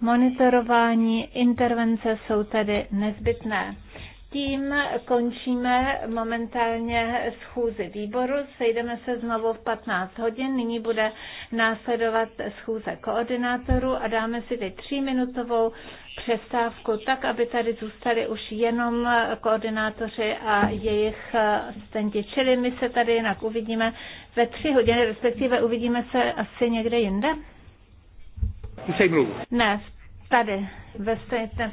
Monitorování intervence jsou tedy nezbytné tím končíme momentálně schůzi výboru. Sejdeme se znovu v 15 hodin. Nyní bude následovat schůze koordinátorů a dáme si teď tříminutovou přestávku, tak aby tady zůstali už jenom koordinátoři a jejich stenti. Čili my se tady jinak uvidíme ve tři hodiny, respektive uvidíme se asi někde jinde. Ne, tady, ve, stejné,